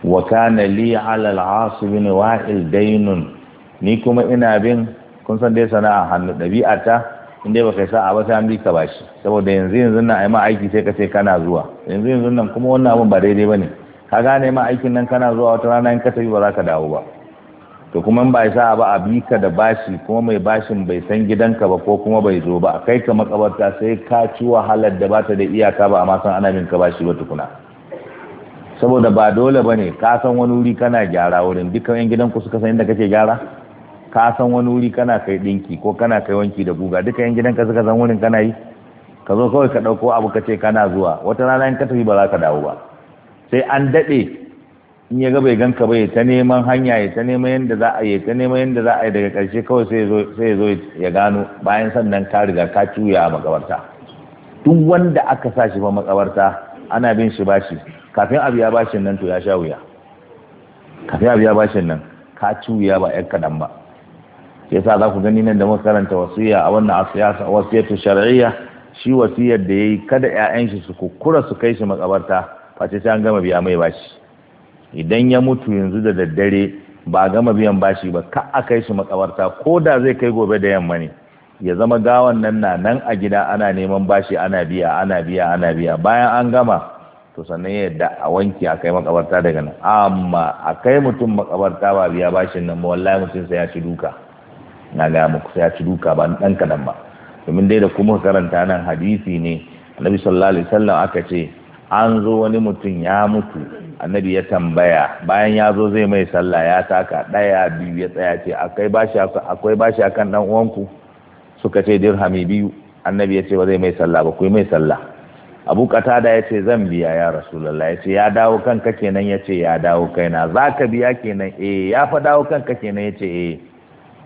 wa kana li ala al asib wa'il daynun ni kuma ina bin kun san dai sana'a hannu ta. in dai baka sa a ba sai an bi ka bashi saboda yanzu yanzu nan ai ma aiki sai ka ce kana zuwa yanzu yanzu nan kuma wannan abun ba daidai bane ka gane ma aikin nan kana zuwa wata rana in ka tafi ba za ka dawo ba to kuma in ba sa ba a bi ka da bashi kuma mai bashin bai san gidanka ba ko kuma bai zo ba kai ka makabarta sai ka ci wahalar da bata da iyaka ba amma san ana bin ka bashi ba tukuna saboda ba dole bane ka san wani wuri kana gyara wurin dukkan yan gidanku suka san inda kake gyara ka san wani wuri kana kai dinki ko kana kai wanki da guga duka yan gidanka suka san wurin kana yi ka zo kawai ka dauko abu ka ce kana zuwa wata rana in ka tafi ba za ka dawo ba sai an daɗe in ya ga bai ganka ba ya ta neman hanya ya ta neman yadda za a yi ta neman yadda za a yi daga ƙarshe kawai sai ya zo ya gano bayan sannan ka riga ka cuya a makabarta duk wanda aka sa shi ba makabarta ana bin shi bashi kafin abu ya bashin nan to ya sha wuya kafin abu ya bashin nan ka cuya ba yan kaɗan ba yasa za ku gani nan da muka karanta wasiya a wannan asiyasa wasiyatu shar'iyya shi wasiyar da yayi kada ƴaƴan shi su kukkura su kai shi makabarta face sai an gama biya mai bashi idan ya mutu yanzu da daddare ba gama biyan bashi ba ka a kai shi makabarta ko da zai kai gobe da yamma ne ya zama gawan nan na nan a gida ana neman bashi ana biya ana biya ana biya bayan an gama to sannan ya yadda a wanki a kai makabarta daga nan amma a kai mutum makabarta ba biya bashin nan ba wallahi mutum sai ya ci duka na ga muku sai ya ci duka ba dan kadan ba domin dai da kuma karanta nan hadisi ne annabi sallallahu alaihi wasallam aka ce an zo wani mutum ya mutu annabi ya tambaya bayan ya zo zai mai sallah ya taka daya biyu ya tsaya ce akwai bashi akwai bashi akan dan uwanku suka ce dirhami biyu annabi ya ce ba zai mai sallah ba ku mai sallah abu katada ya ce zan biya ya rasulallah ya ce ya dawo kanka kenan ya ce ya dawo kaina za biya kenan eh ya fa dawo kanka kenan ya ce eh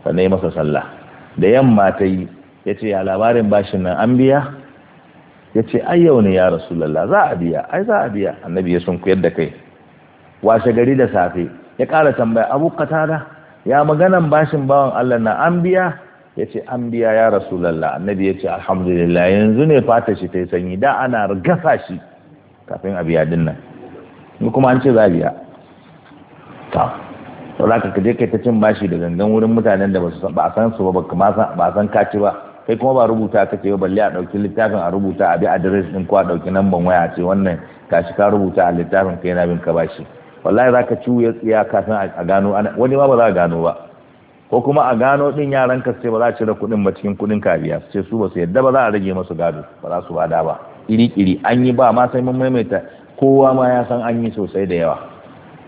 sannan yi masa sallah da yamma ta yi ya ce ya labarin bashin nan an biya ya ce ai yau ne ya lalla za a biya ai za a biya annabi ya sun kuyar da kai washe gari da safe ya kara tambaya abu katada ya maganan bashin bawan allah na an biya ya ce an biya ya lalla. annabi ya ce alhamdulillah yanzu ne fata shi ta yi sanyi da ana gasa shi kafin a biya dinnan. nan kuma an ce za a biya ta sau za ka je kai ta cin bashi da gangan wurin mutanen da ba a san su ba ba san kaci ba kai kuma ba rubuta ka ce ba balle a ɗauki littafin a rubuta a bi adres ɗin ko a ɗauki namban waya a ce wannan kashi ka rubuta a littafin kai yana bin ka bashi wallahi za ka ciwo ya tsiya kafin a gano wani ma ba za a gano ba ko kuma a gano din yaran ka ce ba za a cire kuɗin ba cikin kuɗin kariya su ce su ba su yadda ba za a rage masu gado ba za su bada ba iri-iri an yi ba ma sai mun maimaita kowa ma ya san an yi sosai da yawa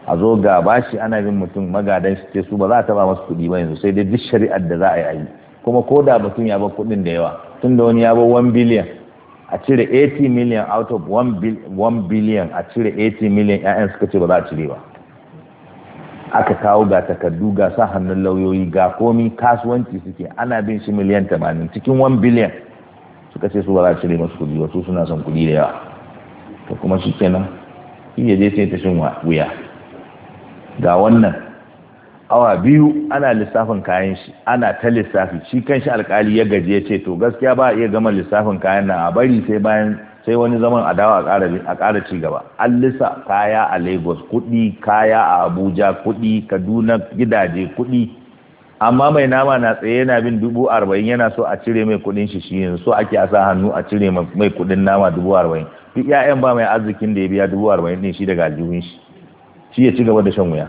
a zo ga bashi ana bin mutum magadan shi ce su ba za a taba masu kuɗi ba yanzu sai dai duk shari'ar da za a yi a yi kuma ko da mutum ya bar kuɗin da yawa tun da wani ya bar 1 billion a cire 80 million out of 1 billion a cire 80 million ƴaƴan suka ce ba za a cire ba aka kawo ga takardu ga sa hannun lauyoyi ga komi kasuwanci suke ana bin shi miliyan 80 cikin 1 billion suka ce su ba za a cire masu kuɗi ba su suna son kuɗi da yawa to kuma shi kenan shi ya je sai ta shin wuya ga wannan awa biyu ana lissafin kayan shi ana ta lissafi shi kanshi alkali ya gaji ya ce to gaskiya ba iya gama lissafin kayan nan a bari sai bayan sai wani zaman a dawa a ƙara ci gaba an lissa kaya a lagos kuɗi kaya a abuja kuɗi kaduna gidaje kuɗi amma mai nama na tsaye yana bin dubu arba'in yana so a cire mai kuɗin shi shi so ake a sa hannu a cire mai kuɗin nama dubu arba'in duk 'ya'yan ba mai arzikin da ya biya dubu arba'in ɗin shi daga aljihun shi shi ya ci gaba da shan wuya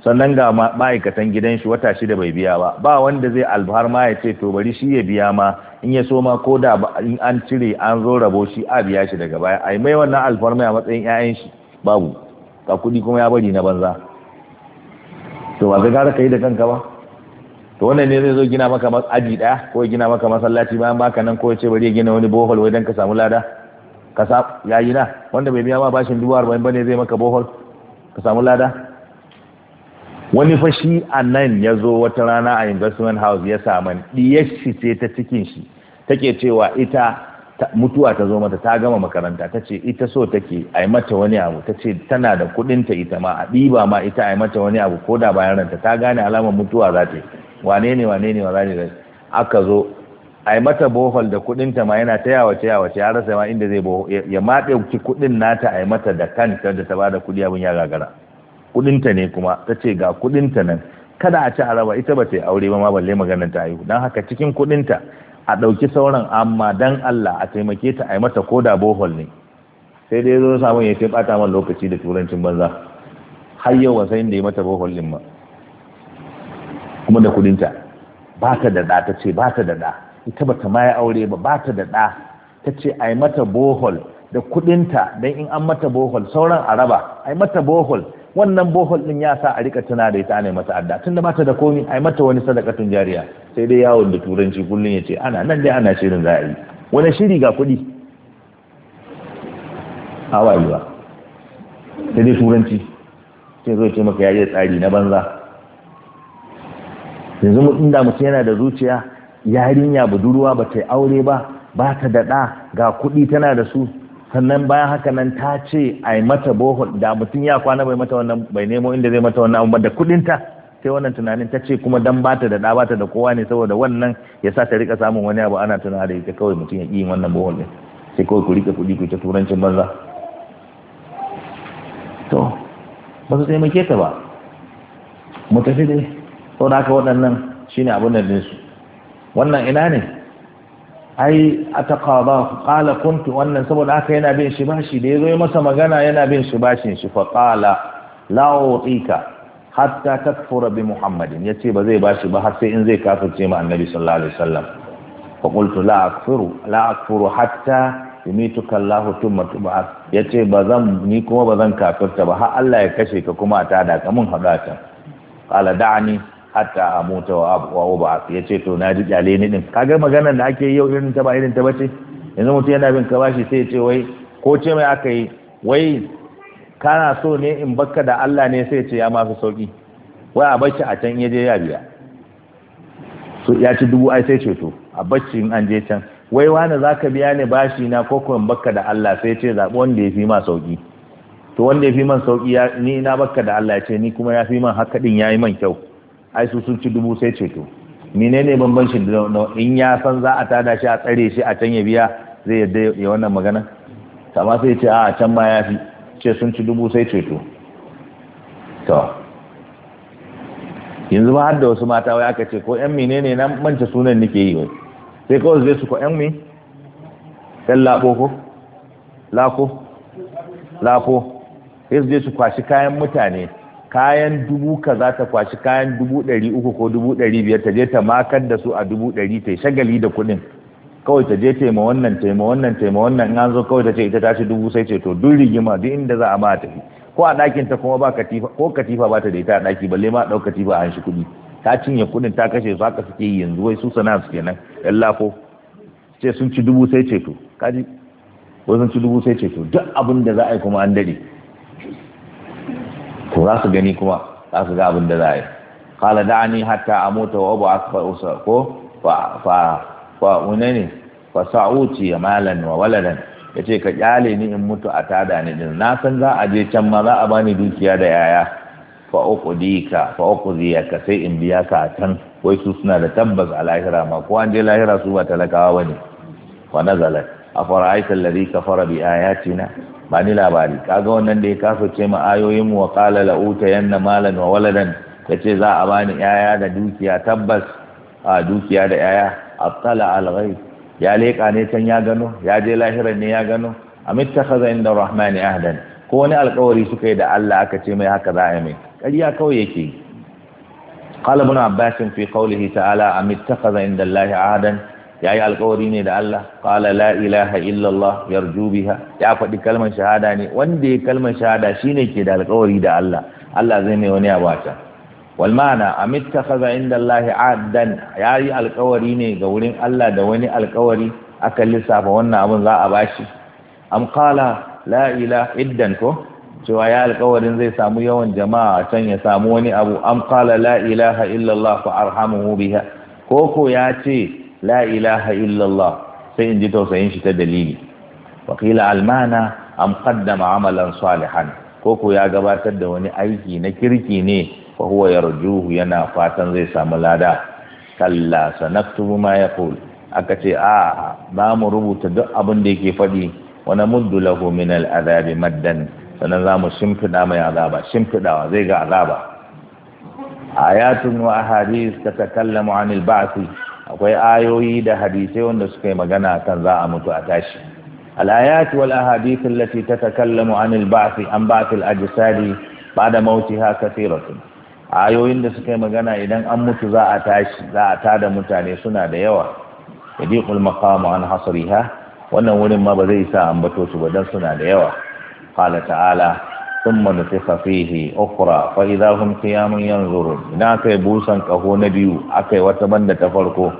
sannan ga ma'aikatan gidan shi wata shida bai biya ba ba wanda zai alfahar ma ya ce to bari shi ya biya ma in ya so ma ko da in an cire an zo rabo shi a biya shi daga baya ai mai wannan alfahar mai a matsayin 'ya'yan shi babu ka kuɗi kuma ya bari na banza to ba zai gara ka yi da kanka ba to wannan ne zai zo gina maka aji ɗaya ko ya gina maka masallaci bayan baka nan ko ya ce bari ya gina wani bohol wai dan ka samu lada ka sa yayi na wanda bai biya ma bashin dubu arba'in ba ne zai maka bohol ka samu lada wani fashi a nan ya zo wata rana a investment house ya samu shi ce ta cikin shi take cewa ita mutuwa ta zo mata ta gama makaranta ta ce ita so take a yi mata wani abu ta ce tana da kudinta ita ma a ɗiba ma ita a yi mata wani abu ko da bayan ranta ta gane alamar mutuwa za ta yi wane ne wane ne wane ne aka zo ai mata bohol da kudin ta ma yana ta ta yawa ya rasa ma inda zai bo ya mabe ki kudin nata ai mata da kanta da ta bada kudi abin ya gagara kudin ta ne kuma ta ce ga kudin ta nan kada a ci araba ita ba ta yi aure ba ma balle maganar ta haihu dan haka cikin kudin ta a dauki sauran amma dan Allah a taimake ta ai mata koda bohol ne sai dai zo samu ya ce bata man lokaci da turancin banza har yau wasa inda ya mata bohol din ma kuma da kudin ta ba ta da da ta ce ba ta da da ita bata ma aure ba bata da ɗa ta ce a yi mata bohol da kuɗinta don in an mata bohol sauran a raba a yi mata bohol wannan bohol ɗin ya sa a rika tana da ita ana mata adda tunda bata da komi a yi mata wani sadakatun jariya sai dai yawon da turanci kullum ya ce ana nan dai ana shirin za a yi wani shiri ga kuɗi a wayewa sai dai turanci sai zo ce maka ya tsari na banza yanzu inda mutum yana da zuciya yarinya budurwa ba ta aure ba ba ta da ɗa ga kuɗi tana da su sannan bayan haka nan ta ce a yi mata bohol da mutum ya kwana bai mata wannan bai nemo inda zai mata wannan abu da kuɗinta sai wannan tunanin ta ce kuma dan bata da ɗa bata da kowa ne saboda wannan ya sa ta rika samun wani abu ana tunawa da ita kawai mutum ya ƙi wannan bohol ɗin sai kawai ku rika kuɗi ku ta turancin banza to ba su taimake ta ba mu tafi dai saboda haka waɗannan shine abin da su wannan ina ne ai ataqaba kala kuntu wannan saboda haka yana bin shi bashi da zo masa magana yana bin shi bashin shi fa qala la hatta takfura bi muhammadin yace ba zai bashi ba har sai in zai kafirce ma annabi sallallahu alaihi wasallam fa qultu la akfuru la akfuru hatta yumituka Allah thumma tub'ath yace ba zan ni kuma ba zan kafirta ba har Allah ya kashe ka kuma a tada ka mun hada ta qala da'ani hatta a mota wa abu ba ya ce to na ji kyale ni din kagar maganar da ake yau irin ta ba irin ta bace yanzu mutum yana bin ka bashi sai ya ce wai ko ce mai aka yi wai kana so ne in bakka da Allah ne sai ya ce ya mafi sauki wai a bacci a can yaje ya biya so ya ci dubu ai sai ce to a bacci in an je can wai wani zaka biya ne bashi na ko kuma bakka da Allah sai ya ce zabi wanda ya fi ma sauki to wanda ya fi man sauki ni na bakka da Allah ya ce ni kuma ya fi man haka din yayi man kyau ai su sun ci dubu sai ceto menene bambancin da in ya san za a tada shi a tsare shi a can ya biya zai yadda ya wannan magana kama sai ce a can ma ya fi ce sun ci dubu sai ceto to yanzu ma har da wasu mata wai aka ce ko yan menene na manta sunan nake yi wai sai kawai zai su ko yan me yan lako ko lako lako sai su je su kwashi kayan mutane kayan dubu ka za ta kwashi kayan dubu ɗari uku ko dubu ɗari biyar ta je ta makar da su a dubu ɗari ta shagali da kuɗin kawai ta je taima wannan taima wannan taima wannan in an zo kawai ta ce ita tashi dubu sai ce to duk rigima duk inda za a ma tafi ko a ɗakin ta kuma ba katifa ko katifa ba ta da ita a ɗaki balle ma ɗau katifa a shi kuɗi ta cinye kuɗin ta kashe su haka suke yi yanzu wai su sana su kenan yan lafo ce sun ci dubu sai ce to kaji ko sun ci dubu sai ce to duk abin da za a yi kuma an dare to za su gani kuma za su ga abin da za a yi kala qala da'ani hatta mota wa abu akbar usa ko fa ne fa unani fa malan wa waladan yace ka kyale ni in mutu a tada ni din na san za a je can ma za a bani dukiya da yaya fa dika fa sai in biya ka a can wai su suna da tabbas a lahira ma ko an je lahira su ba talakawa fa na zalai. a lari ka fara bi ayatina ba ni labari kaga wannan da ya ce ma ayoyin mu wa qala la yanna malan wa waladan yace za a bani yaya da dukiya tabbas a dukiya da yaya abtala al ghaib ya leka ne can ya gano ya je lahirar ne ya gano amittakhadha inda rahmani ahdan ko wani alkawari suka yi da Allah aka ce mai haka za a yi mai ƙarya kawai yake ابن عباس في fi تعالى ta'ala اتخذ inda الله عهدا ya yi alkawari ne da Allah qala la ilaha illallah yarju biha ya faɗi kalmar shahada ne wanda ya kalmar shahada shine ke da alkawari da Allah Allah zai mai wani abu a can wal ma'ana am inda Allah addan ya yi alkawari ne ga wurin Allah da wani alkawari aka lissafa wannan abun za a bashi am qala la ilaha iddan ko cewa ya alkawarin zai samu yawan jama'a can ya samu wani abu am qala la ilaha illallah fa arhamuhu biha koko ya ce la ilaha illallah sai in ji tausayin shi ta dalili wakila almana am qaddama amalan salihan ko ko ya gabatar da wani aiki na kirki ne fa huwa yarjuhu yana fatan zai samu lada kalla sanaktubu ma yaqul aka ce a ba mu rubuta duk abin da yake faɗi wani muddu lahu min al'adabi maddan sannan za mu shimfida mai azaba shimfiɗawa zai ga azaba ayatun wa ahadis ta takallamu anil ba'si akwai ayoyi da hadisai wanda suka yi magana kan za a mutu a tashi al-ayat wal ahadith allati tatakallamu an al-ba'th an ba'th al ba'da mautiha kathiratun ayoyin da suka yi magana idan an mutu za a tashi za a tada mutane suna da yawa yadiqul maqamu an hasriha wannan wurin ma ba zai sa ambato su ba dan suna da yawa qala ta'ala ثم نفخ فيه أخرى فإذا هم قيام ينظرون إذا أكي بوسا كهو نبيو أكي وتبند تفرقو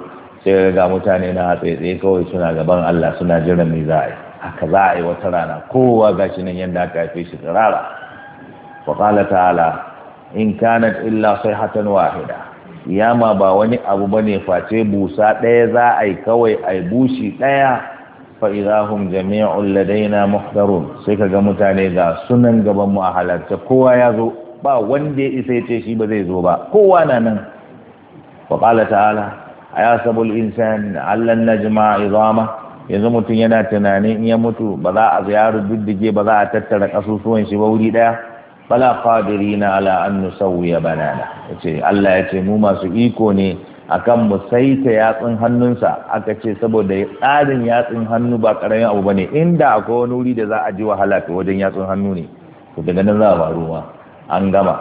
سيرغا متاني نهاتي إيكو سنة غبان الله سنة جرم نزاي أكذاي وترانا قوة غشنا ينداك في شكرارا وقال تعالى إن كانت إلا صيحة واحدة ياما با wani abu bane face busa ɗaya za a yi kawai a bushi ɗaya fa'iza hum jami'un ladaina muhdarun sai ga mutane ga sunan gaban mu a halarta kowa ya zo ba wanda ya isa ya ce shi ba zai zo ba kowa na nan wa qala ta'ala ayasabul insani allan najma izama yanzu mutum yana tunani in ya mutu ba za a ziyaru diddige ba za a tattara kasusuwan shi ba wuri ɗaya bala qadirina ala an nusawwiya banana ce Allah yace mu masu iko ne akan mu saita yatsun hannunsa aka ce saboda tsarin yatsun hannu ba karamin abu bane inda akwai wani wuri da za a ji wahala ta wajen yatsun hannu ne to daga nan za a faru ma an gama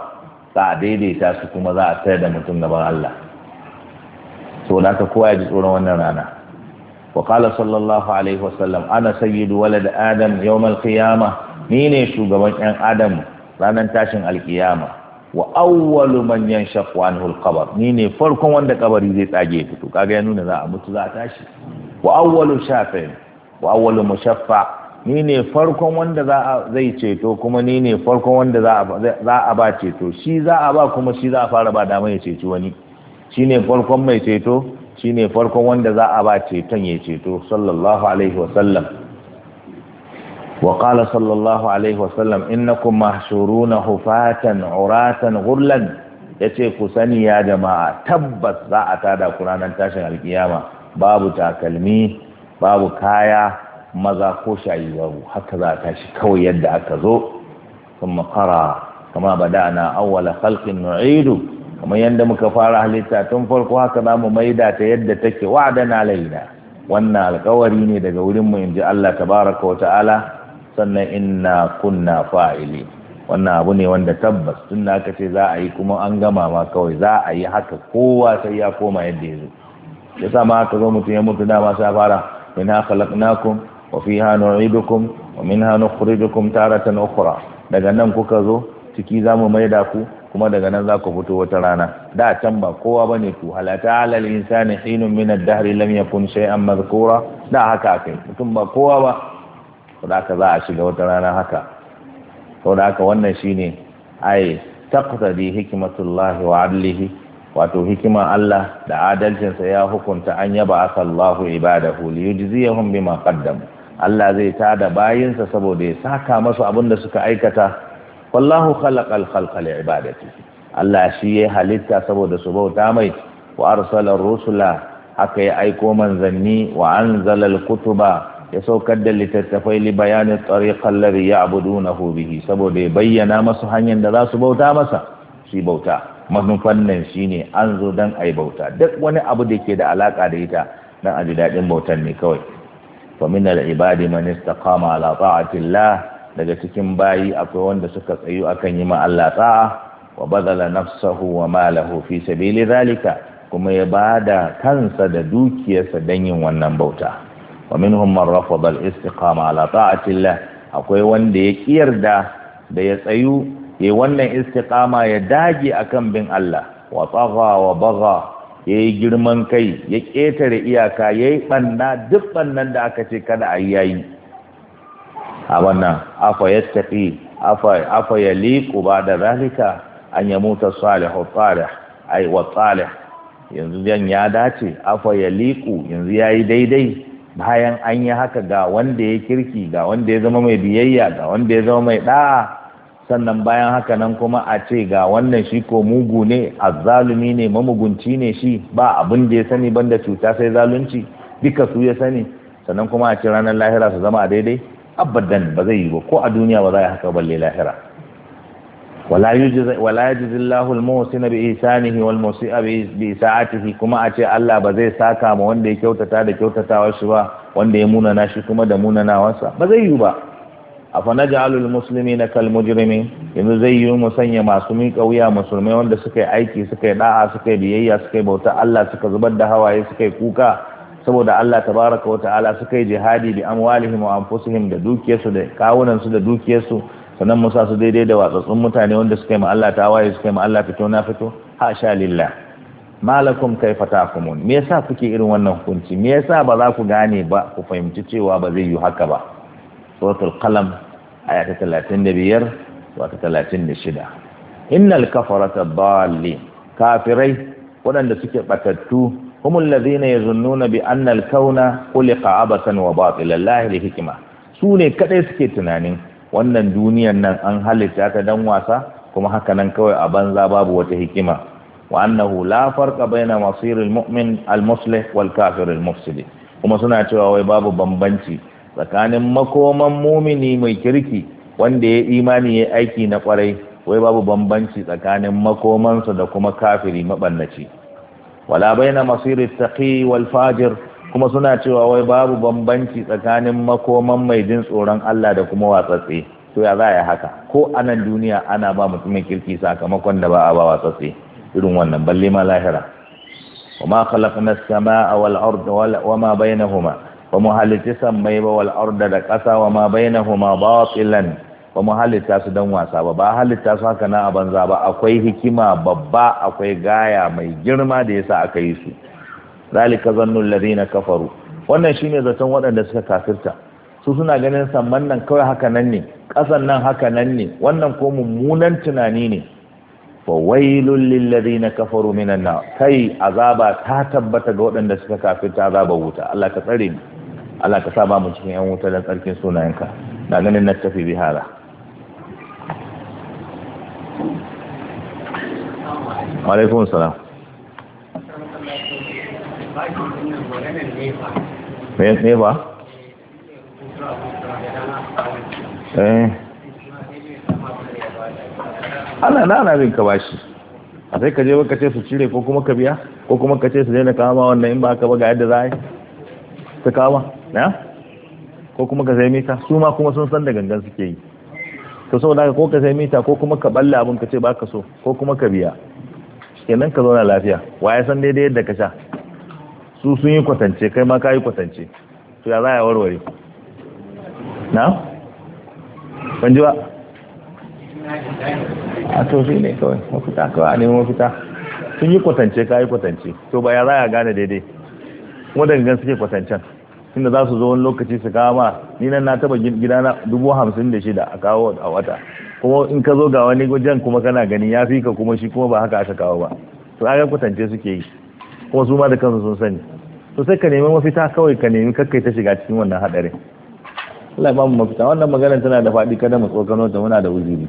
za a daidaita su kuma za a tsaya da mutum gaban Allah to da ka kowa ya ji tsoron wannan rana wa qala sallallahu alaihi wasallam ana sayyidu walad adam yawm al-qiyamah ni ne shugaban yan adam ranar tashin alkiyama wa awwalu man yanshaqu anhu al-qabr ni ne farkon wanda kabari zai tsage ya fito kaga ya nuna za a mutu za a tashi wa awwalu shafin wa awwalu mushaffa ni ne farkon wanda za a zai ceto kuma ni ne farkon wanda za a za a ba ceto shi za a ba kuma shi za a fara ba dama ya ceci wani shine farkon mai ceto shine farkon wanda za a ba ceton ya ceto sallallahu alaihi wa sallam وقال صلى الله عليه وسلم إنكم محشورون حفاة عراة غرلا yace ku sani ya jama'a tabbas za a tada ku ranar tashin alkiyama babu takalmi babu kaya maza ko shayi babu haka za a tashi kawai yadda aka zo sun makara kama da na awwala khalqin nu'idu kamar yadda muka fara halitta tun farko haka za mu maida ta yadda take wa'adana laina wannan alkawari ne daga wurin mu inji Allah tabaraka wa ta'ala sannan ina kunna fa'ili wannan abu ne wanda tabbas tun da aka ce za a yi kuma an gama ma kawai za a yi haka kowa sai ya koma yadda ya zo ya sa ma aka zo mutum ya mutu dama sai fara ina khalaqnakum wa fiha nu'idukum wa minha nukhrijukum taratan nukura. daga nan kuka zo ciki za mu maida ku kuma daga nan za ku fito wata rana da can ba kowa bane ku halata halal insani hinun min ad-dahr lam yakun shay'an madhkura da haka kai mutum ba kowa ba saboda za a shiga wata rana haka saboda haka wannan shine ai taqtadi hikmatullahi wa adlihi wato hikiman Allah da adalcinsa ya hukunta an yaba asallahu ibadahu li yujziyahum bima qaddamu Allah zai tada bayinsa saboda ya saka masu abin da suka aikata wallahu khalaqal khalqa li ibadati Allah shi ya halitta saboda su bauta mai wa arsala rusula haka ya aiko manzanni wa anzala al-kutuba ya saukar da littattafai li bayanin ya ladhi na hobihi saboda ya bayyana masu hanyar da za su bauta masa shi bauta manufan nan ne, an zo dan ai bauta duk wani abu da ke da alaka da ita don a ji daɗin bautan ne kawai fa ibadi man istaqama ala ta'atillah daga cikin bayi akwai wanda suka tsayu akan yi ma Allah ta'a wa badala nafsahu wa malahu fi sabili zalika kuma ya bada kansa da dukiyarsa don yin wannan bauta wa minhum man rafada al-istiqama ala ta'atillah akwai wanda ya kiyarda da ya tsayu ya wannan istiqama ya dage akan bin Allah wa tagha wa bagha yayi girman kai ya ƙetare iyaka yi ɓanna duk bannan da aka ce kada a yayi a wannan afa tafi afa afa ba ba'da zalika an yamuta salihu salih wa salih yanzu yan ya dace afa yaliqu yanzu yayi daidai bayan an yi haka ga wanda ya kirki ga wanda ya zama mai biyayya ga wanda ya zama mai ɗa'a sannan bayan haka nan kuma a ce ga wannan shi ko mugu ne azzalumi ne mamugunci ne shi ba abin da ya sani banda cuta sai zalunci duka su ya sani sannan kuma a ce ranar lahira su zama a daidai abadan ba zai yi ba ko a duniya ba za a haka balle lahira wala yujzi wala yajzi Allahu al-muhsina bi ihsanihi wal bi sa'atihi kuma a ce Allah ba zai saka ma wanda ya kyautata da kyautatawar shi ba wanda ya munana shi kuma da munanawarsa ba zai yi ba afanaj'alu al-muslimina kal mujrimin yanzu zai yi mu sanya masu miƙa wuya musulmai wanda suka yi aiki suka yi da'a suka yi biyayya suka yi bauta Allah suka zubar da hawaye suka yi kuka saboda Allah tabaraka wa ta'ala suka yi jihadi bi amwalihim wa anfusihim da dukiyarsu da su da dukiyarsu sannan mu sa su daidai da watsatsun mutane wanda suka yi ma'alla ta tawaye suka yi ma'alla fito na fito ha sha lilla malakum kaifa tahkumun me yasa kuke irin wannan hukunci me yasa ba za ku gane ba ku fahimci cewa ba zai yi haka ba suratul qalam aya ta 35 zuwa ta 36 innal kafarata dallin kafirai waɗanda suke batattu humul ladhina yazunnuna bi anna al-kauna khuliqa abasan wa batilan la hikma su ne kadai suke tunanin wannan duniyan nan an halitta ta dan wasa kuma haka nan kawai a banza babu wata hikima wa annahu la farqa baina masiril mu'min al muslih wal kafir al kuma suna cewa wai babu bambanci tsakanin makoman mumini mai kirki wanda ya imani ya aiki na kwarai wai babu bambanci tsakanin makomansa da kuma kafiri mabannaci wala baina masiril taqi wal fajir kuma suna cewa wai babu bambanci tsakanin makoman mai jin tsoron Allah da kuma watsatse to ya za a yi haka ko a nan duniya ana ba mutumin kirki sakamakon da ba a ba watsatse irin wannan balle ma lahira wa ma khalaqna as-samaa wal arda wa ma bainahuma wa mu halitta ba wal arda da ƙasa wa ma bainahuma batilan ba mu su dan wasa ba ba halitta su haka na a banza ba akwai hikima babba akwai gaya mai girma da yasa aka yi su zalika zannul ladina kafaru wannan shine zaton waɗanda suka kafirta su suna ganin samman nan kawai haka nan ne ƙasan nan haka nan ne wannan ko mummunan tunani ne fa wailul lil ladina kafaru minan nar kai azaba ta tabbata ga waɗanda suka kafirta azaba wuta Allah ka tsare ni Allah ka sa ba mu cikin yan wuta dan tsarkin sunayenka na ganin na tafi bihara alaikum salam me ne eh ana na ana bin ka bashi a sai ka je baka ce su cire ko kuma ka biya ko kuma ka ce su daina kama wannan in ba ka ba ga yadda za a yi ta kama na ko kuma ka sai mita su ma kuma sun san da gangan suke yi Ka so ka ko ka sai mita ko kuma ka balle abin ka ce ba ka so ko kuma ka biya kenan ka zauna lafiya wa ya san daidai yadda ka sha su sun yi kwatance kai ma ka yi kwatance to ya za a warware na? ban ji ba a to shi ne kawai mafita kawai a neman mafita sun yi kwatance ka yi kwatance to ba ya za a gane daidai gan suke kwatancen inda za su zo wani lokaci su kawo ma ni nan na taba gida na dubu hamsin da shida a kawo a wata kuma in ka zo ga wani wajen kuma kana gani ya fi ka kuma shi kuma ba haka aka kawo ba to aga kwatance suke yi kuma su ma da kansu sun sani to sai ka nemi mafita kawai ka nemi kakkai ta shiga cikin wannan hadarin Allah ba mu mafita wannan magana tana da faɗi kada mu tsokano ta muna da uzuri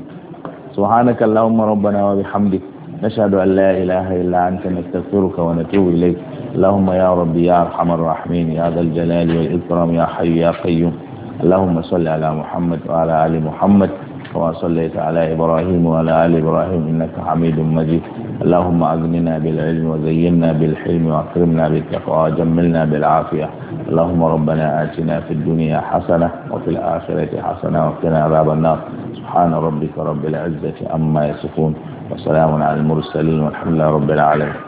subhanaka allahumma rabbana wa bihamdik nashhadu an la ilaha illa anta nastaghfiruka wa natubu ilayk allahumma ya rabbi ya arhamar rahimin ya dhal jalali wal ikram ya hayy ya qayyum اللهم صل على محمد وعلى ال محمد كما صليت على إبراهيم وعلى آل إبراهيم إنك حميد مجيد اللهم أغننا بالعلم وزينا بالحلم وأكرمنا بالتقوى وجملنا بالعافية اللهم ربنا آتنا في الدنيا حسنة وفي الآخرة حسنة وقنا عذاب النار سبحان ربك رب العزة أما يصفون وسلام على المرسلين والحمد لله رب العالمين